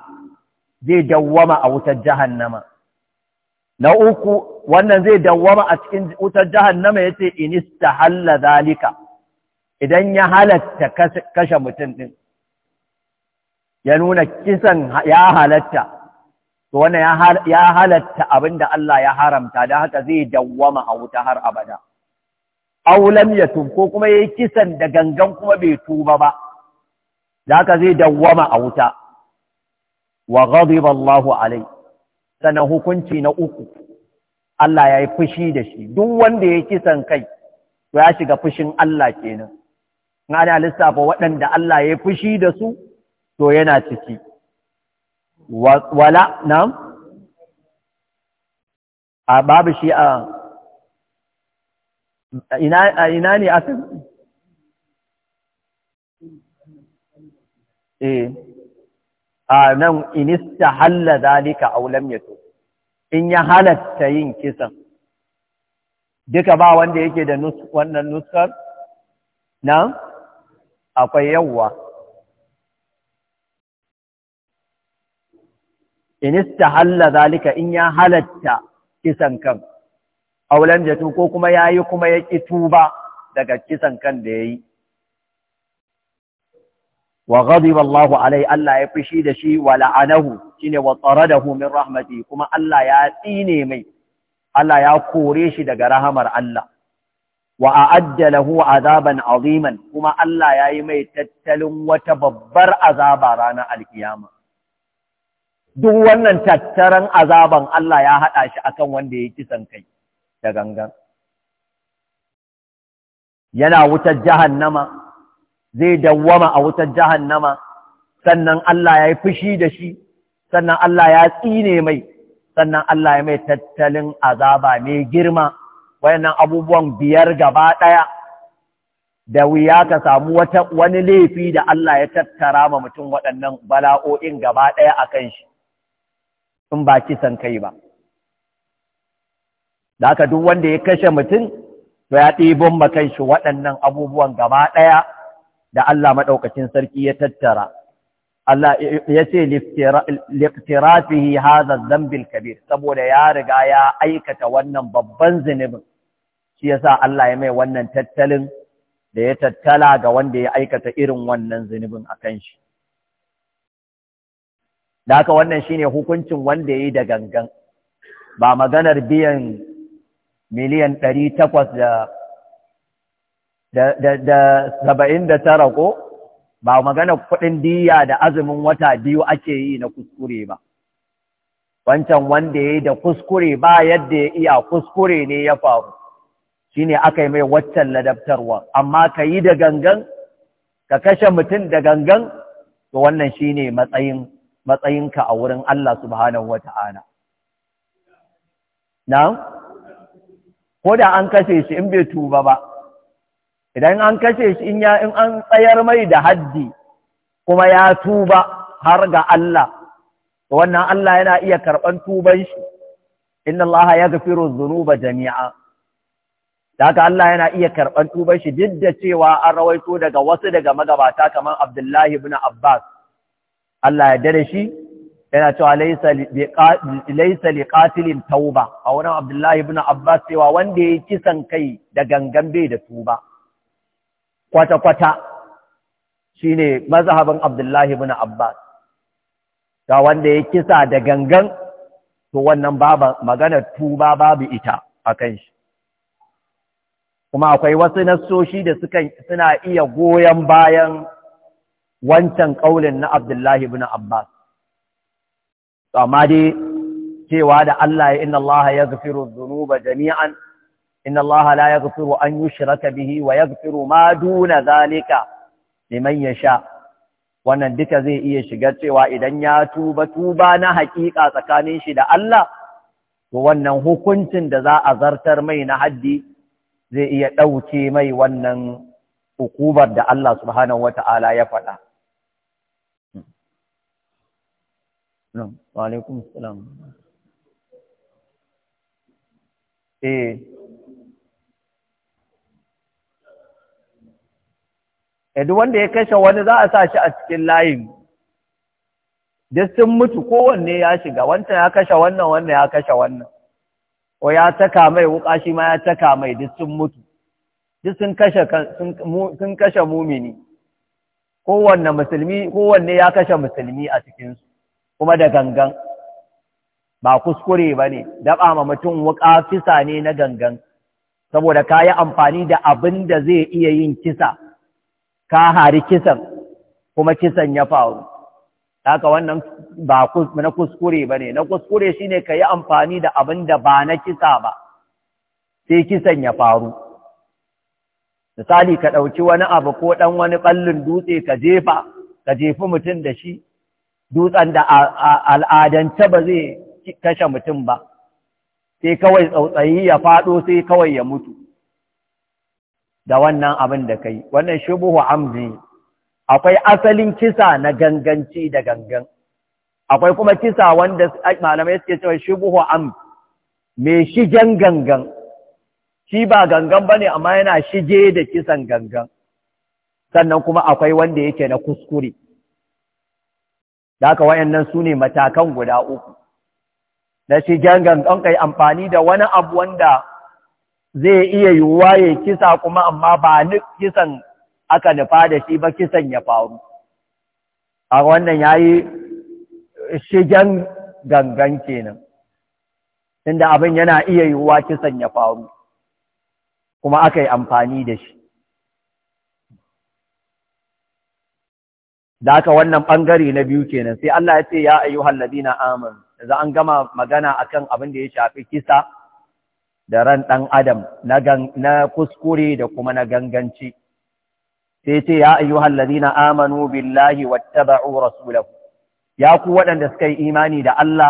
zai dawwama a wutar jahannama na uku wannan zai dawwama a cikin wutar jahannama inista halla zalika idan ya halatta kashe mutum ɗin ya nuna kisan ya halatta to wannan ya halatta abinda Allah ya haramta da haka zai dawwama a wuta har abada aulam ya ko kuma ya yi kisan da gangan kuma bai tuba ba da haka zai dawwama a wuta wa ghadiba Allahu alai sanan hukunci na uku Allah ya yi fushi da shi duk wanda ya kisan kai to ya shiga fushin Allah kenan ana lissafa waɗanda Allah ya fushi da su to yana ciki wala na? a babu shi a ina ne a fi eh. a nan inista halla zalika aulam ya to in ya halatta yin kisan duka ba wanda yake da wannan nuskar nan akwai yawwa in istahalla zalika in ya halatta kisan kan aulan jatu ko kuma yayi kuma ya ki tuba daga kisan kan da yayi wa ghadiba Allahu alai Allah ya fushi da shi wa la'anahu shine wa da min rahmati kuma Allah ya tsine mai Allah ya kore shi daga rahamar Allah wa a'adda lahu azaban aziman kuma Allah ya yi mai tattalin wata babbar azaba ranar alkiyama duk wannan tattaren azaban Allah ya haɗa shi akan wanda ya kisan kai da gangan. Yana wutar jahannama, zai dawwama a wutar jahannama, sannan Allah ya yi fushi da shi, sannan Allah ya tsine mai, sannan Allah ya mai tattalin azaba mai girma wayannan abubuwan biyar gaba ɗaya da wuya ka samu wani laifi da Allah ya tattara ma mutum waɗannan bala'o'in gaba ɗaya a kan shi in ba kisan kai ba da aka duk wanda ya kashe mutum to ya ɗibon ma kan shi waɗannan abubuwan gaba ɗaya da Allah maɗaukacin sarki ya tattara Allah ya ce liftirafihi hadha zambil kabir saboda ya riga ya aikata wannan babban zunubin shi yasa Allah ya mai wannan tattalin da ya tattala ga wanda ya aikata irin wannan zunubin a kan shi da haka wannan shine hukuncin wanda ya yi da gangan ba maganar biyan miliyan ɗari takwas da saba'in da tara ko ba maganar kuɗin diya da azumin wata biyu ake yi na kuskure ba wancan wanda ya yi da kuskure ba yadda ya iya kuskure ne ya faru Shi ne aka yi mai waccan ladabtarwa amma ka yi da gangan ka kashe mutum da gangan to wannan shi ne matsayinka a wurin Allah subhanahu ta’ana na'am ko da an kashe shi in bai tuba ba idan an kashe shi in ya in an tsayar mai da haddi kuma ya tuba har ga Allah to wannan Allah yana iya karɓar tuban shi inna Allah gafiro zunuba jami'a haka Allah yana iya karɓar tuban shi duk da cewa an rawaito daga wasu daga magabata kamar Abdullahi ibn Abbas Allah ya dare shi yana cewa laisali liqatilin tauba a wurin Abdullahi ibn Abbas cewa wanda ya kisan kai da gangan bai da tuba kwata kwata shine mazhabin Abdullahi ibn Abbas ga wanda ya kisa da gangan to wannan baba magana tuba babu ita akan shi kuma akwai wasu nassoshi da suna iya goyon bayan wancan ƙaulin na Abdullahi ibn Abbas amma dai cewa da Allah ya inna Allah ya gafiru zunuba jami'an inna Allah la yaghfiru an yushraka bihi wa yaghfiru ma duna zalika liman sha. wannan duka zai iya shiga cewa idan ya tuba tuba na haƙiƙa tsakanin shi da Allah to wannan hukuncin da za a zartar mai na haddi zai iya ɗauke mai wannan hukubar da Allah subhanahu wa ta'ala ya faɗa. Wa'alaikun salam. Eh, eh wanda ya kashe wani za a sa shi a cikin layin, duk sun mutu kowanne ya shiga, wancan ya kashe wannan, wannan ya kashe wannan. o ya taka mai wuka shi ma ya taka mai duk sun mutu duk sun kashe sun kashe mumini kowanne musulmi kowanne ya kashe musulmi a cikin su kuma da gangan ba kuskure ba ne daɓa ma mutum wuƙa fisa ne na gangan saboda ka yi amfani da abin da zai iya yin kisa ka hari kisan kuma kisan ya faru haka wannan ba na kuskure ba ne na kuskure shi ne ka yi amfani da abin da ba na kisa ba sai kisan ya faru misali ka ɗauki wani abu ko ɗan wani ɓallin dutse ka jefa ka jefi mutum da shi dutsen da al'adance ba zai kashe mutum ba sai kawai tsautsayi ya faɗo sai kawai ya mutu da wannan abin da ka yi wannan shubuhu amzi akwai asalin kisa na ganganci da gangan akwai kuma kisa wanda malamai suke cewa shubuhu am me shigen gangan shi ba gangan bane amma yana shige da kisan gangan sannan kuma akwai wanda yake na kuskure da wayannan su ne matakan guda uku na shigen gangan kai amfani da wani abu wanda zai iya yiwuwa ya kisa kuma amma ba ni kisan aka nufa da shi ba kisan ya faru a wannan ya yi shigen gangan kenan inda abin yana iya yiwuwa kisan ya faru kuma aka yi amfani da shi da aka wannan ɓangare na biyu kenan sai Allah ya ce ya ayyuhal na amanu Za an gama magana akan abin da ya shafi kisa da ran ɗan adam na kuskure da kuma na ganganci sai ce ya ayyuhal ladina amanu billahi wattaba'u rasulahu ya ku waɗanda suka yi imani da Allah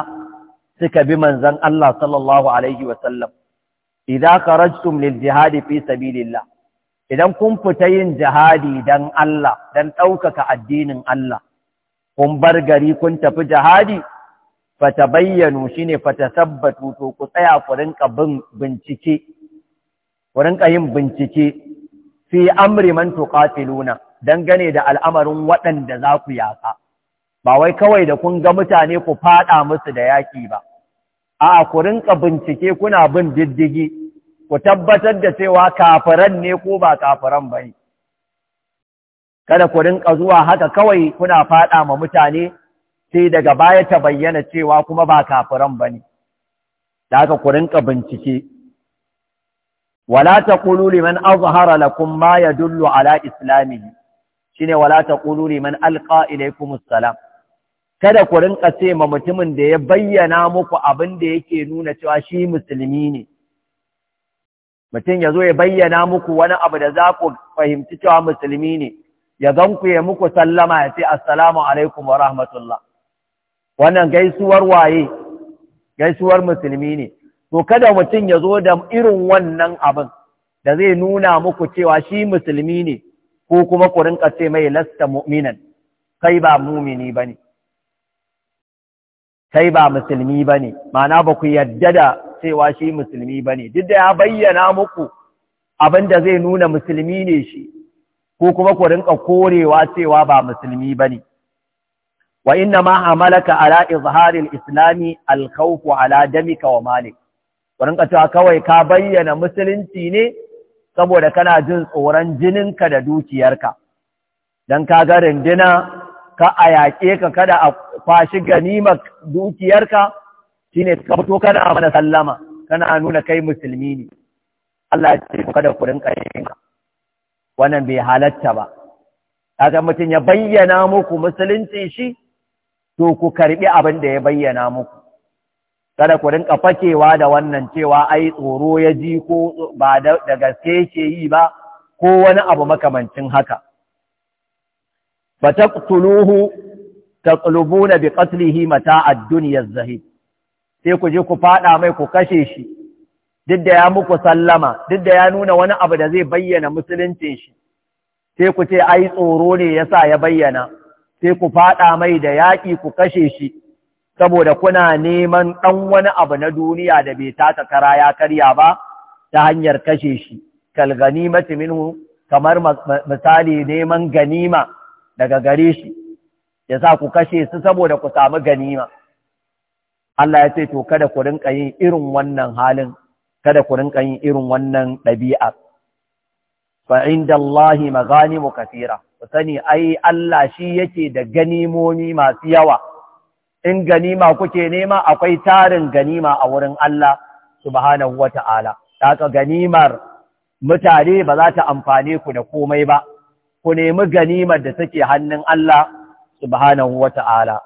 suka bi manzon Allah sallallahu alaihi wa sallam idza kharajtum lil jihadi fi sabilillah idan kun fita yin jihadi dan Allah dan ɗaukaka addinin Allah kun bar gari kun tafi jihadi fatabayyanu shine fatasabbatu to ku tsaya ku rinka bin bincike ku rinka yin bincike fi amri man tuqatiluna dangane da al'amarin waɗanda za ku yasa ba wai kawai da kun ga mutane ku faɗa musu da yaƙi ba a'a ku rinka bincike kuna bin diddigi ku tabbatar da cewa kafiran ne ko ba kafiran bane kada ku rinka zuwa haka kawai kuna faɗa ma mutane sai daga baya ta bayyana cewa kuma ba kafiran bane da haka ku rinka bincike wala taqulu liman azhara lakum ma dullu ala islamihi shine wala taqulu liman yi kuma Salam. kada ku rinka ce ma mutumin da ya bayyana muku abin da yake nuna cewa shi musulmi ne mutum ya zo ya bayyana muku wani abu da za ku fahimci cewa musulmi ne ya zan ku ya muku sallama ya ce assalamu alaikum wa rahmatullah wannan gaisuwar waye gaisuwar musulmi ne to kada mutum ya zo da irin wannan abin da zai nuna muku cewa shi musulmi ne ko kuma ku rinka ce mai lasta mu'minan kai ba mumini ne, kai ba musulmi ba ne, ma'ana ba ku yadda da cewa shi musulmi ba ne. duk da ya bayyana muku abin da zai nuna musulmi ne shi ko kuma ku rinka korewa cewa ba musulmi ba wa وإنما ma على ala الإسلام الخوف al دمك ومالك malik rinka cewa kawai ka bayyana musulunci ne saboda kana jin tsoron jininka da dukiyarka don ka ga rindina ka a yaƙe ka kada a kwashi ganima dukiyarka shine ka fito kana mana sallama kana nuna kai musulmi ne Allah ya ce kada ku rinka yin wannan bai halatta ba kaga mutum ya bayyana muku musulunci shi to ku karɓi abin da ya bayyana muku kada ku rinka fakewa da wannan cewa ai tsoro ya ji ko ba da gaske yake yi ba ko wani abu makamancin haka fataqtuluhu taqlubuna biqatlihi mata dunya az-zahid sai ku je ku fada mai ku kashe shi duk da ya muku sallama duk da ya nuna wani abu da zai bayyana musuluncin shi sai ku ce ai tsoro ne yasa ya bayyana sai ku fada mai da yaƙi ku kashe shi saboda kuna neman ɗan wani abu na duniya da bai taka kara ya karya ba ta hanyar kashe shi kalgani mace kamar misali neman ganima daga gare shi ya sa ku kashe su saboda ku samu ganima Allah ya ce to kada ku rinka yin irin wannan halin kada ku rinka yin irin wannan ɗabi'a fa inda Allah mu kafira. ku sani ai Allah shi yake da ganimomi masu yawa in ganima kuke nema akwai tarin ganima a wurin Allah subhanahu wata'ala haka ganimar mutane ba za ta amfane ku da komai ba ku nemi ganimar da take hannun Allah subhanahu wata'ala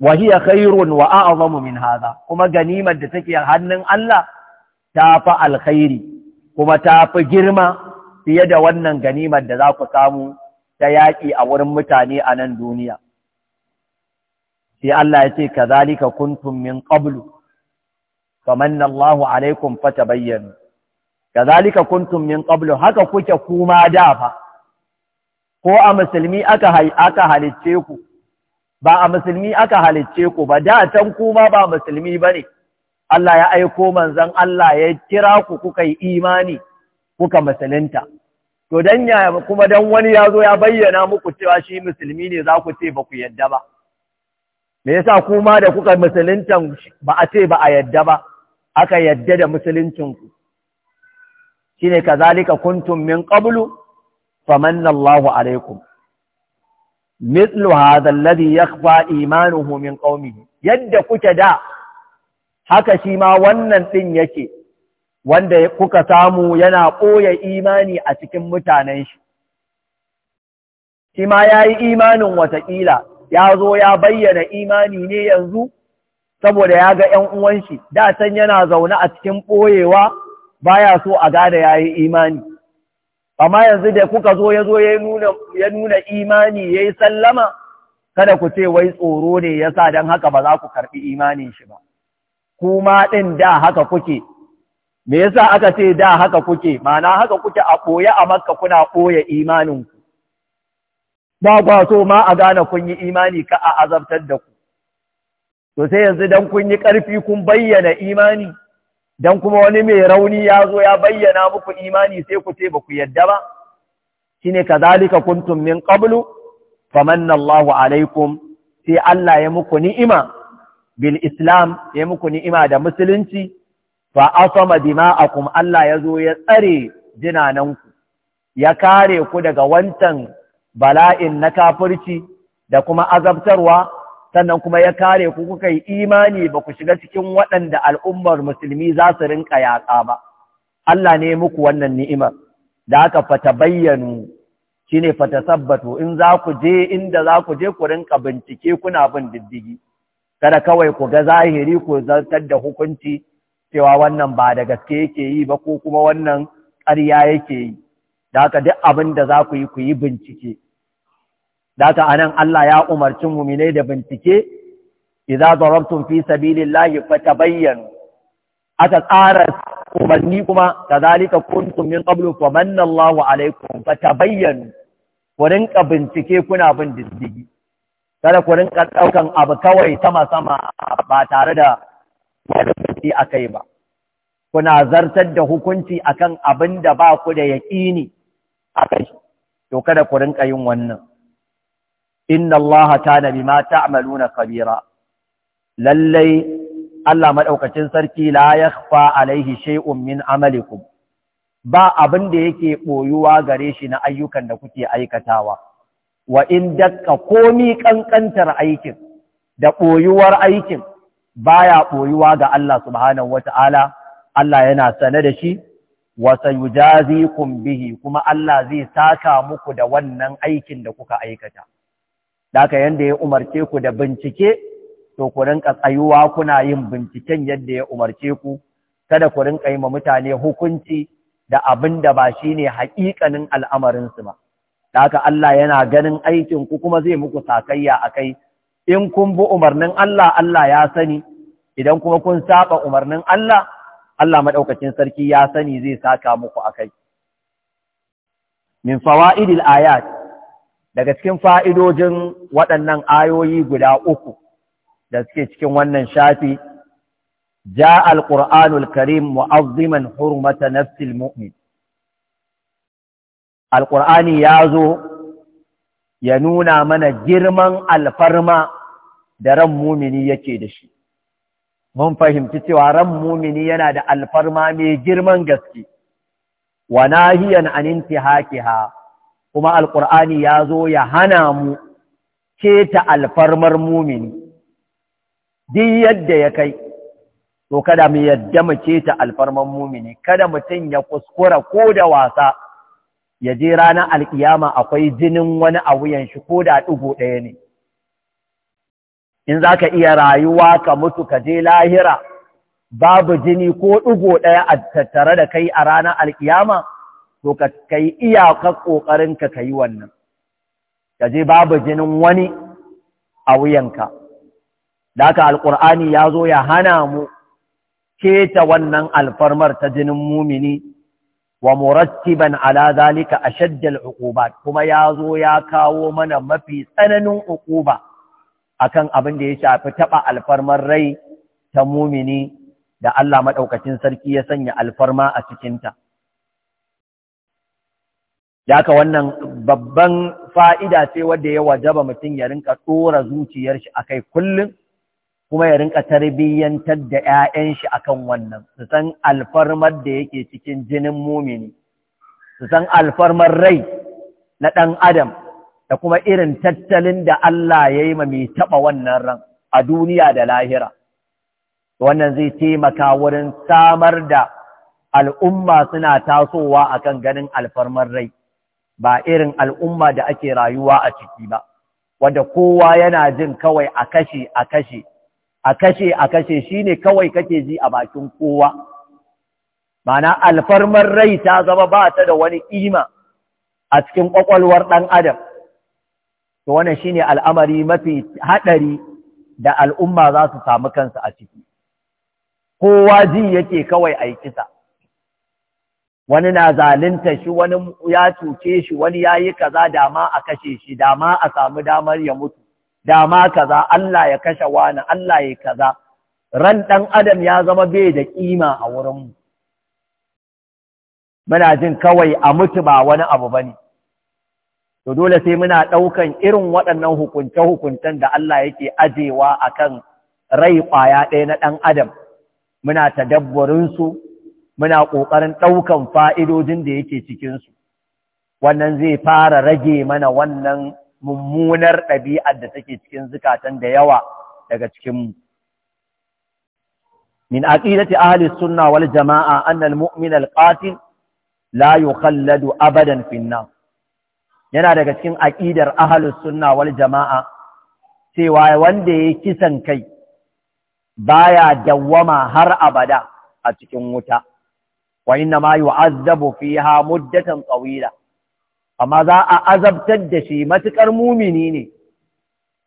wa hiya khairun wa a'zamu min hadha kuma ganimar da take hannun Allah ta fi alkhairi kuma ta fi girma fiye da wannan ganimar da za ku samu ta yaƙi a wurin mutane a nan duniya sai Allah ya ce kazalika kuntum min qablu famanna Allahu alaikum fatabayyanu kazalika kuntum min qablu haka kuke kuma da fa ko a musulmi aka aka halicce ku ba a musulmi aka halicce ku ba da tan kuma ba musulmi bane Allah ya aiko manzon Allah ya kira ku kuka yi imani kuka musulunta to dan ya kuma dan wani yazo ya bayyana muku cewa shi musulmi ne za ku ce ba ku yadda ba me yasa kuma da kuka musuluntan ba a ce ba a yadda ba aka yadda da musuluncinku shine kazalika kuntum min qablu famanna Allahu alaikum mithlu hadha alladhi yakhfa imanuhu min qaumihi yadda kuke da haka shi ma wannan din yake wanda kuka samu yana ɓoye imani a cikin mutanen shi shi ma yayi imanin watakila ya zo ya bayyana imani ne yanzu saboda ya ga ‘yan uwanshi, da can yana zaune a cikin ɓoyewa baya so a gada ya yi imani. Amma yanzu da kuka zo ya zo ya nuna imani ya yi sallama, kada ku ce wai tsoro ne ya sa don haka ba za ku karɓi imanin shi ba. Kuma ɗin da haka kuke, me yasa aka ce da haka kuke, mana haka kuke a ɓoye a makka kuna ɓoye imaninku. ba kwa so ma a gane kun yi imani ka a azabtar da ku to sai yanzu don kun yi ƙarfi kun bayyana imani don kuma wani mai rauni ya zo ya bayyana muku imani sai ku ce ba ku yadda ba shine kazalika kuntun min ƙablu famanna Allahu alaikum sai Allah ya muku ni'ima bil islam ya muku ni'ima da musulunci fa asama kuma Allah ya zo ya tsare jinananku ya kare ku daga wancan bala'in na kafirci da kuma azabtarwa sannan kuma ya kare ku kuka yi imani ba ku shiga cikin waɗanda al'ummar musulmi za su rinka yatsa ba Allah ne muku wannan ni'imar da aka fata bayyanu ne fata sabbatu in za ku je inda za ku je ku rinka bincike kuna bin diddigi kada kawai ku ga zahiri ku zartar da hukunci cewa wannan ba da gaske yake yi ba ko kuma wannan ƙarya yake yi da haka duk abin da za ku yi ku yi bincike Data anan Allah ya umarci muminai da bincike, idza darabtum fi sabilillahi fatabayyanu. Aka tsara umarni kuma kazalika kuntum min qablu fa manna Allahu alaikum fatabayyanu. Ku ka bincike kuna bin diddigi. Kada ku ka ɗaukan abu kawai sama-sama ba tare da wani a kai ba. Kuna zartar da hukunci akan abin da ba ku da yaƙini a kai. To kada ku rinka yin wannan. inna Allah kana mata ta'maluna kabira lallai Allah maɗaukacin sarki la alaihi shai'un min amalikum ba abin da yake ɓoyuwa gare shi na ayyukan da kuke aikatawa wa in dakka komi ƙanƙantar aikin da ɓoyuwar aikin baya ɓoyuwa ga Allah subhanahu wata'ala Allah yana sane da shi wa sayujazikum bihi kuma Allah zai saka muku da wannan aikin da kuka aikata Daka yanda ya umarce ku da bincike, to ku rinka tsayuwa kuna yin binciken yadda ya umarce ku, kada ku rinka yi ma mutane hukunci da abin da ba shi ne haƙiƙanin al'amarinsu ba. Daka Allah yana ganin aikin ku kuma zai muku sakayya a kai, in kun bi umarnin Allah, Allah ya sani, idan kuma kun saba umarnin Allah, Allah maɗaukacin sarki ya sani zai saka muku a kai. Min fawa'idil ayat daga cikin fa'idojin waɗannan ayoyi guda uku da suke cikin wannan shafi, ja al'ur'anul karim mu'azziman hurmata nafsil mu'min. Al'ur'ani ya zo ya nuna mana girman alfarma da ran mumini yake da shi. Mun fahimci cewa ran mumini yana da alfarma mai girman gaske, wa nahiyan aninti haƙi ha. kuma alƙur'ani ya zo ya hana mu keta alfarmar mumini duk yadda ya kai to kada mu yadda mu keta alfarmar mumini kada mutum ya kuskura ko da wasa ya je ranar alƙiyama akwai jinin wani a wuyan shi ko da ɗigo ɗaya ne in za ka iya rayuwa ka mutu ka je lahira babu jini ko ɗigo ɗaya a tattare da kai a ranar alƙiyama to ka kai iyakar ƙoƙarin ka yi wannan ka je babu jinin wani a wuyanka da haka alƙur'ani ya zo ya hana mu keta wannan alfarmar ta jinin mumini wa murattiban ala zalika ashaddal uqubat kuma ya zo ya kawo mana mafi tsananin uquba akan abin da ya shafi taɓa alfarmar rai ta mumini da Allah maɗaukacin sarki ya sanya alfarma a cikinta da aka wannan babban fa'ida ce wadda ya wajaba mutum ya rinka tsora zuciyar shi a kai kullum kuma ya rinka tarbiyyantar da ‘ya'yan shi kan wannan su san alfarmar da yake cikin jinin mumini su san alfarmar rai na ɗan adam da kuma irin tattalin da Allah ya yi ma mai taɓa wannan ran a duniya da lahira wannan zai taimaka wurin samar da al'umma suna tasowa akan ganin alfarmar rai ba irin al'umma da ake rayuwa a ciki ba wanda kowa yana jin kawai a kashe a kashe a kashe a kashe shi ne kawai kake ji a bakin kowa mana alfarmar rai ta zama ba ta da wani ima a cikin ƙwaƙwalwar ɗan adam to wannan ne al'amari mafi haɗari da al'umma za su samu kansu a ciki kowa ji yake kawai a kisa wani na zalunta shi wani ya cuce shi wani ya yi kaza dama a kashe shi dama a samu damar ya mutu dama kaza Allah ya kashe wani Allah ya kaza ran ɗan adam ya zama bai da ƙima a wurinmu muna jin kawai a mutu ba wani abu ba ne to dole sai muna ɗaukan irin waɗannan hukunce-hukuncen da Allah yake ajewa a kan rai kwaya ɗaya na ɗan adam muna tadabbarinsu muna ƙoƙarin ɗaukan fa'idojin da yake cikinsu, wannan zai fara rage mana wannan mummunar ɗabi'ar da take cikin zukatan da yawa daga cikinmu. Min aƙidati ahalis sunna wal jama'a annal mu'minal alƙatil la yukhalladu abadan finna. Yana daga cikin aƙidar ahalis sunna wal jama'a cewa wanda ya kisan kai baya dawwama har abada a cikin wuta. wa inna ma yu'azzabu fiha muddatan ƙawila. amma za a azabtar da shi matukar mumini ne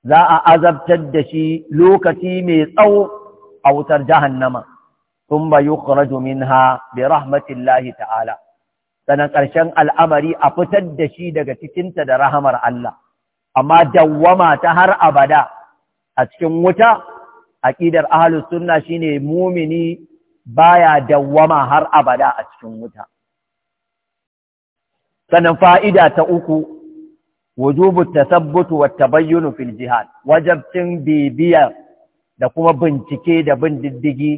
za a azabtar da shi lokaci mai tsawo a wutar jahannama thumma yukhraju minha bi rahmatillahi ta'ala sanan ƙarshen al'amari a fitar da shi daga cikinta da rahamar Allah amma dawwama ta har abada a cikin wuta aqidar ahlus sunna shine mumini baya dawwama har abada a cikin wuta sannan fa'ida ta uku wujubu tasabbutu wa tabayyunu fil jihad wajabtin bibiya da kuma bincike da bin diddigi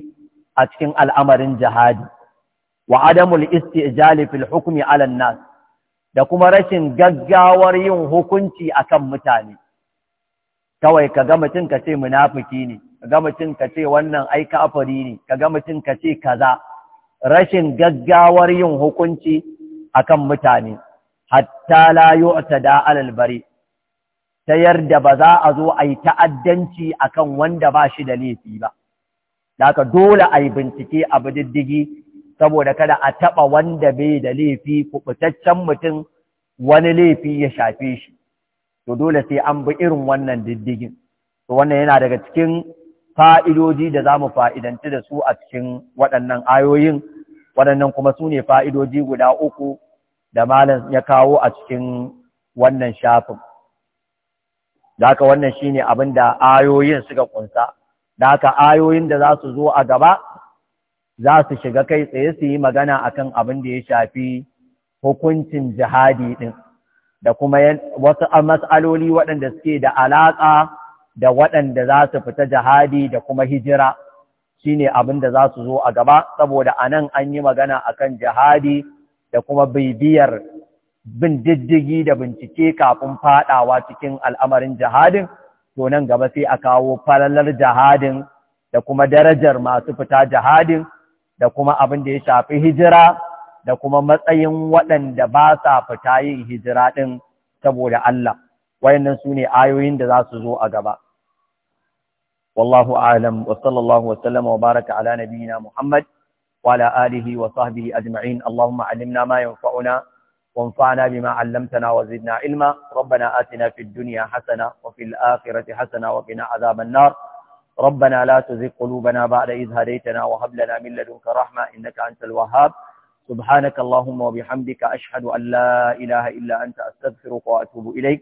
a cikin al'amarin jihadi wa adamul istijali fil hukmi ala nas da kuma rashin gaggawar yin hukunci akan mutane kawai ka ga mutum ka ce munafiki ne ga mutum ka ce wannan ai kafiri ne ka ga mutum ka ce kaza rashin gaggawar yin hukunci akan mutane hatta la yu'tada alal bari ta yarda ba za a zo a yi ta'addanci akan wanda ba shi da laifi ba Daga dole a yi bincike abu diddigi saboda kada a taɓa wanda bai da laifi kuɓutaccen mutum wani laifi ya shafe shi to dole sai an bi irin wannan diddigin to wannan yana daga cikin fa'idoji da za mu fa'idanci da su a cikin waɗannan ayoyin, waɗannan kuma su ne fa'idoji guda uku da malam ya kawo a cikin wannan shafin. Daka wannan shi ne abin da ayoyin suka ƙunsa, daka ayoyin da za su zo a gaba za su shiga kai tsaye su yi magana a kan abin da ya shafi hukuncin jihadi ɗin, da kuma wasu mas'aloli waɗanda suke da alaƙa da waɗanda za su fita jihadi da kuma hijira shine abin da za su zo a gaba saboda a nan an yi magana akan jihadi da kuma bibiyar bin diddigi da bincike kafin fadawa cikin al'amarin jihadin to nan gaba sai a kawo falalar jihadin da kuma darajar masu fita jihadin da kuma abin da ya shafi hijira da kuma matsayin waɗanda ba sa fita yin hijira ɗin saboda Allah wayannan su ne ayoyin da za su zo a gaba والله أعلم وصلى الله وسلم وبارك على نبينا محمد وعلى آله وصحبه أجمعين اللهم علمنا ما ينفعنا وانفعنا بما علمتنا وزدنا علما ربنا آتنا في الدنيا حسنة وفي الآخرة حسنة وقنا عذاب النار ربنا لا تزغ قلوبنا بعد إذ هديتنا وهب لنا من لدنك رحمة إنك أنت الوهاب سبحانك اللهم وبحمدك أشهد أن لا إله إلا أنت أستغفرك وأتوب إليك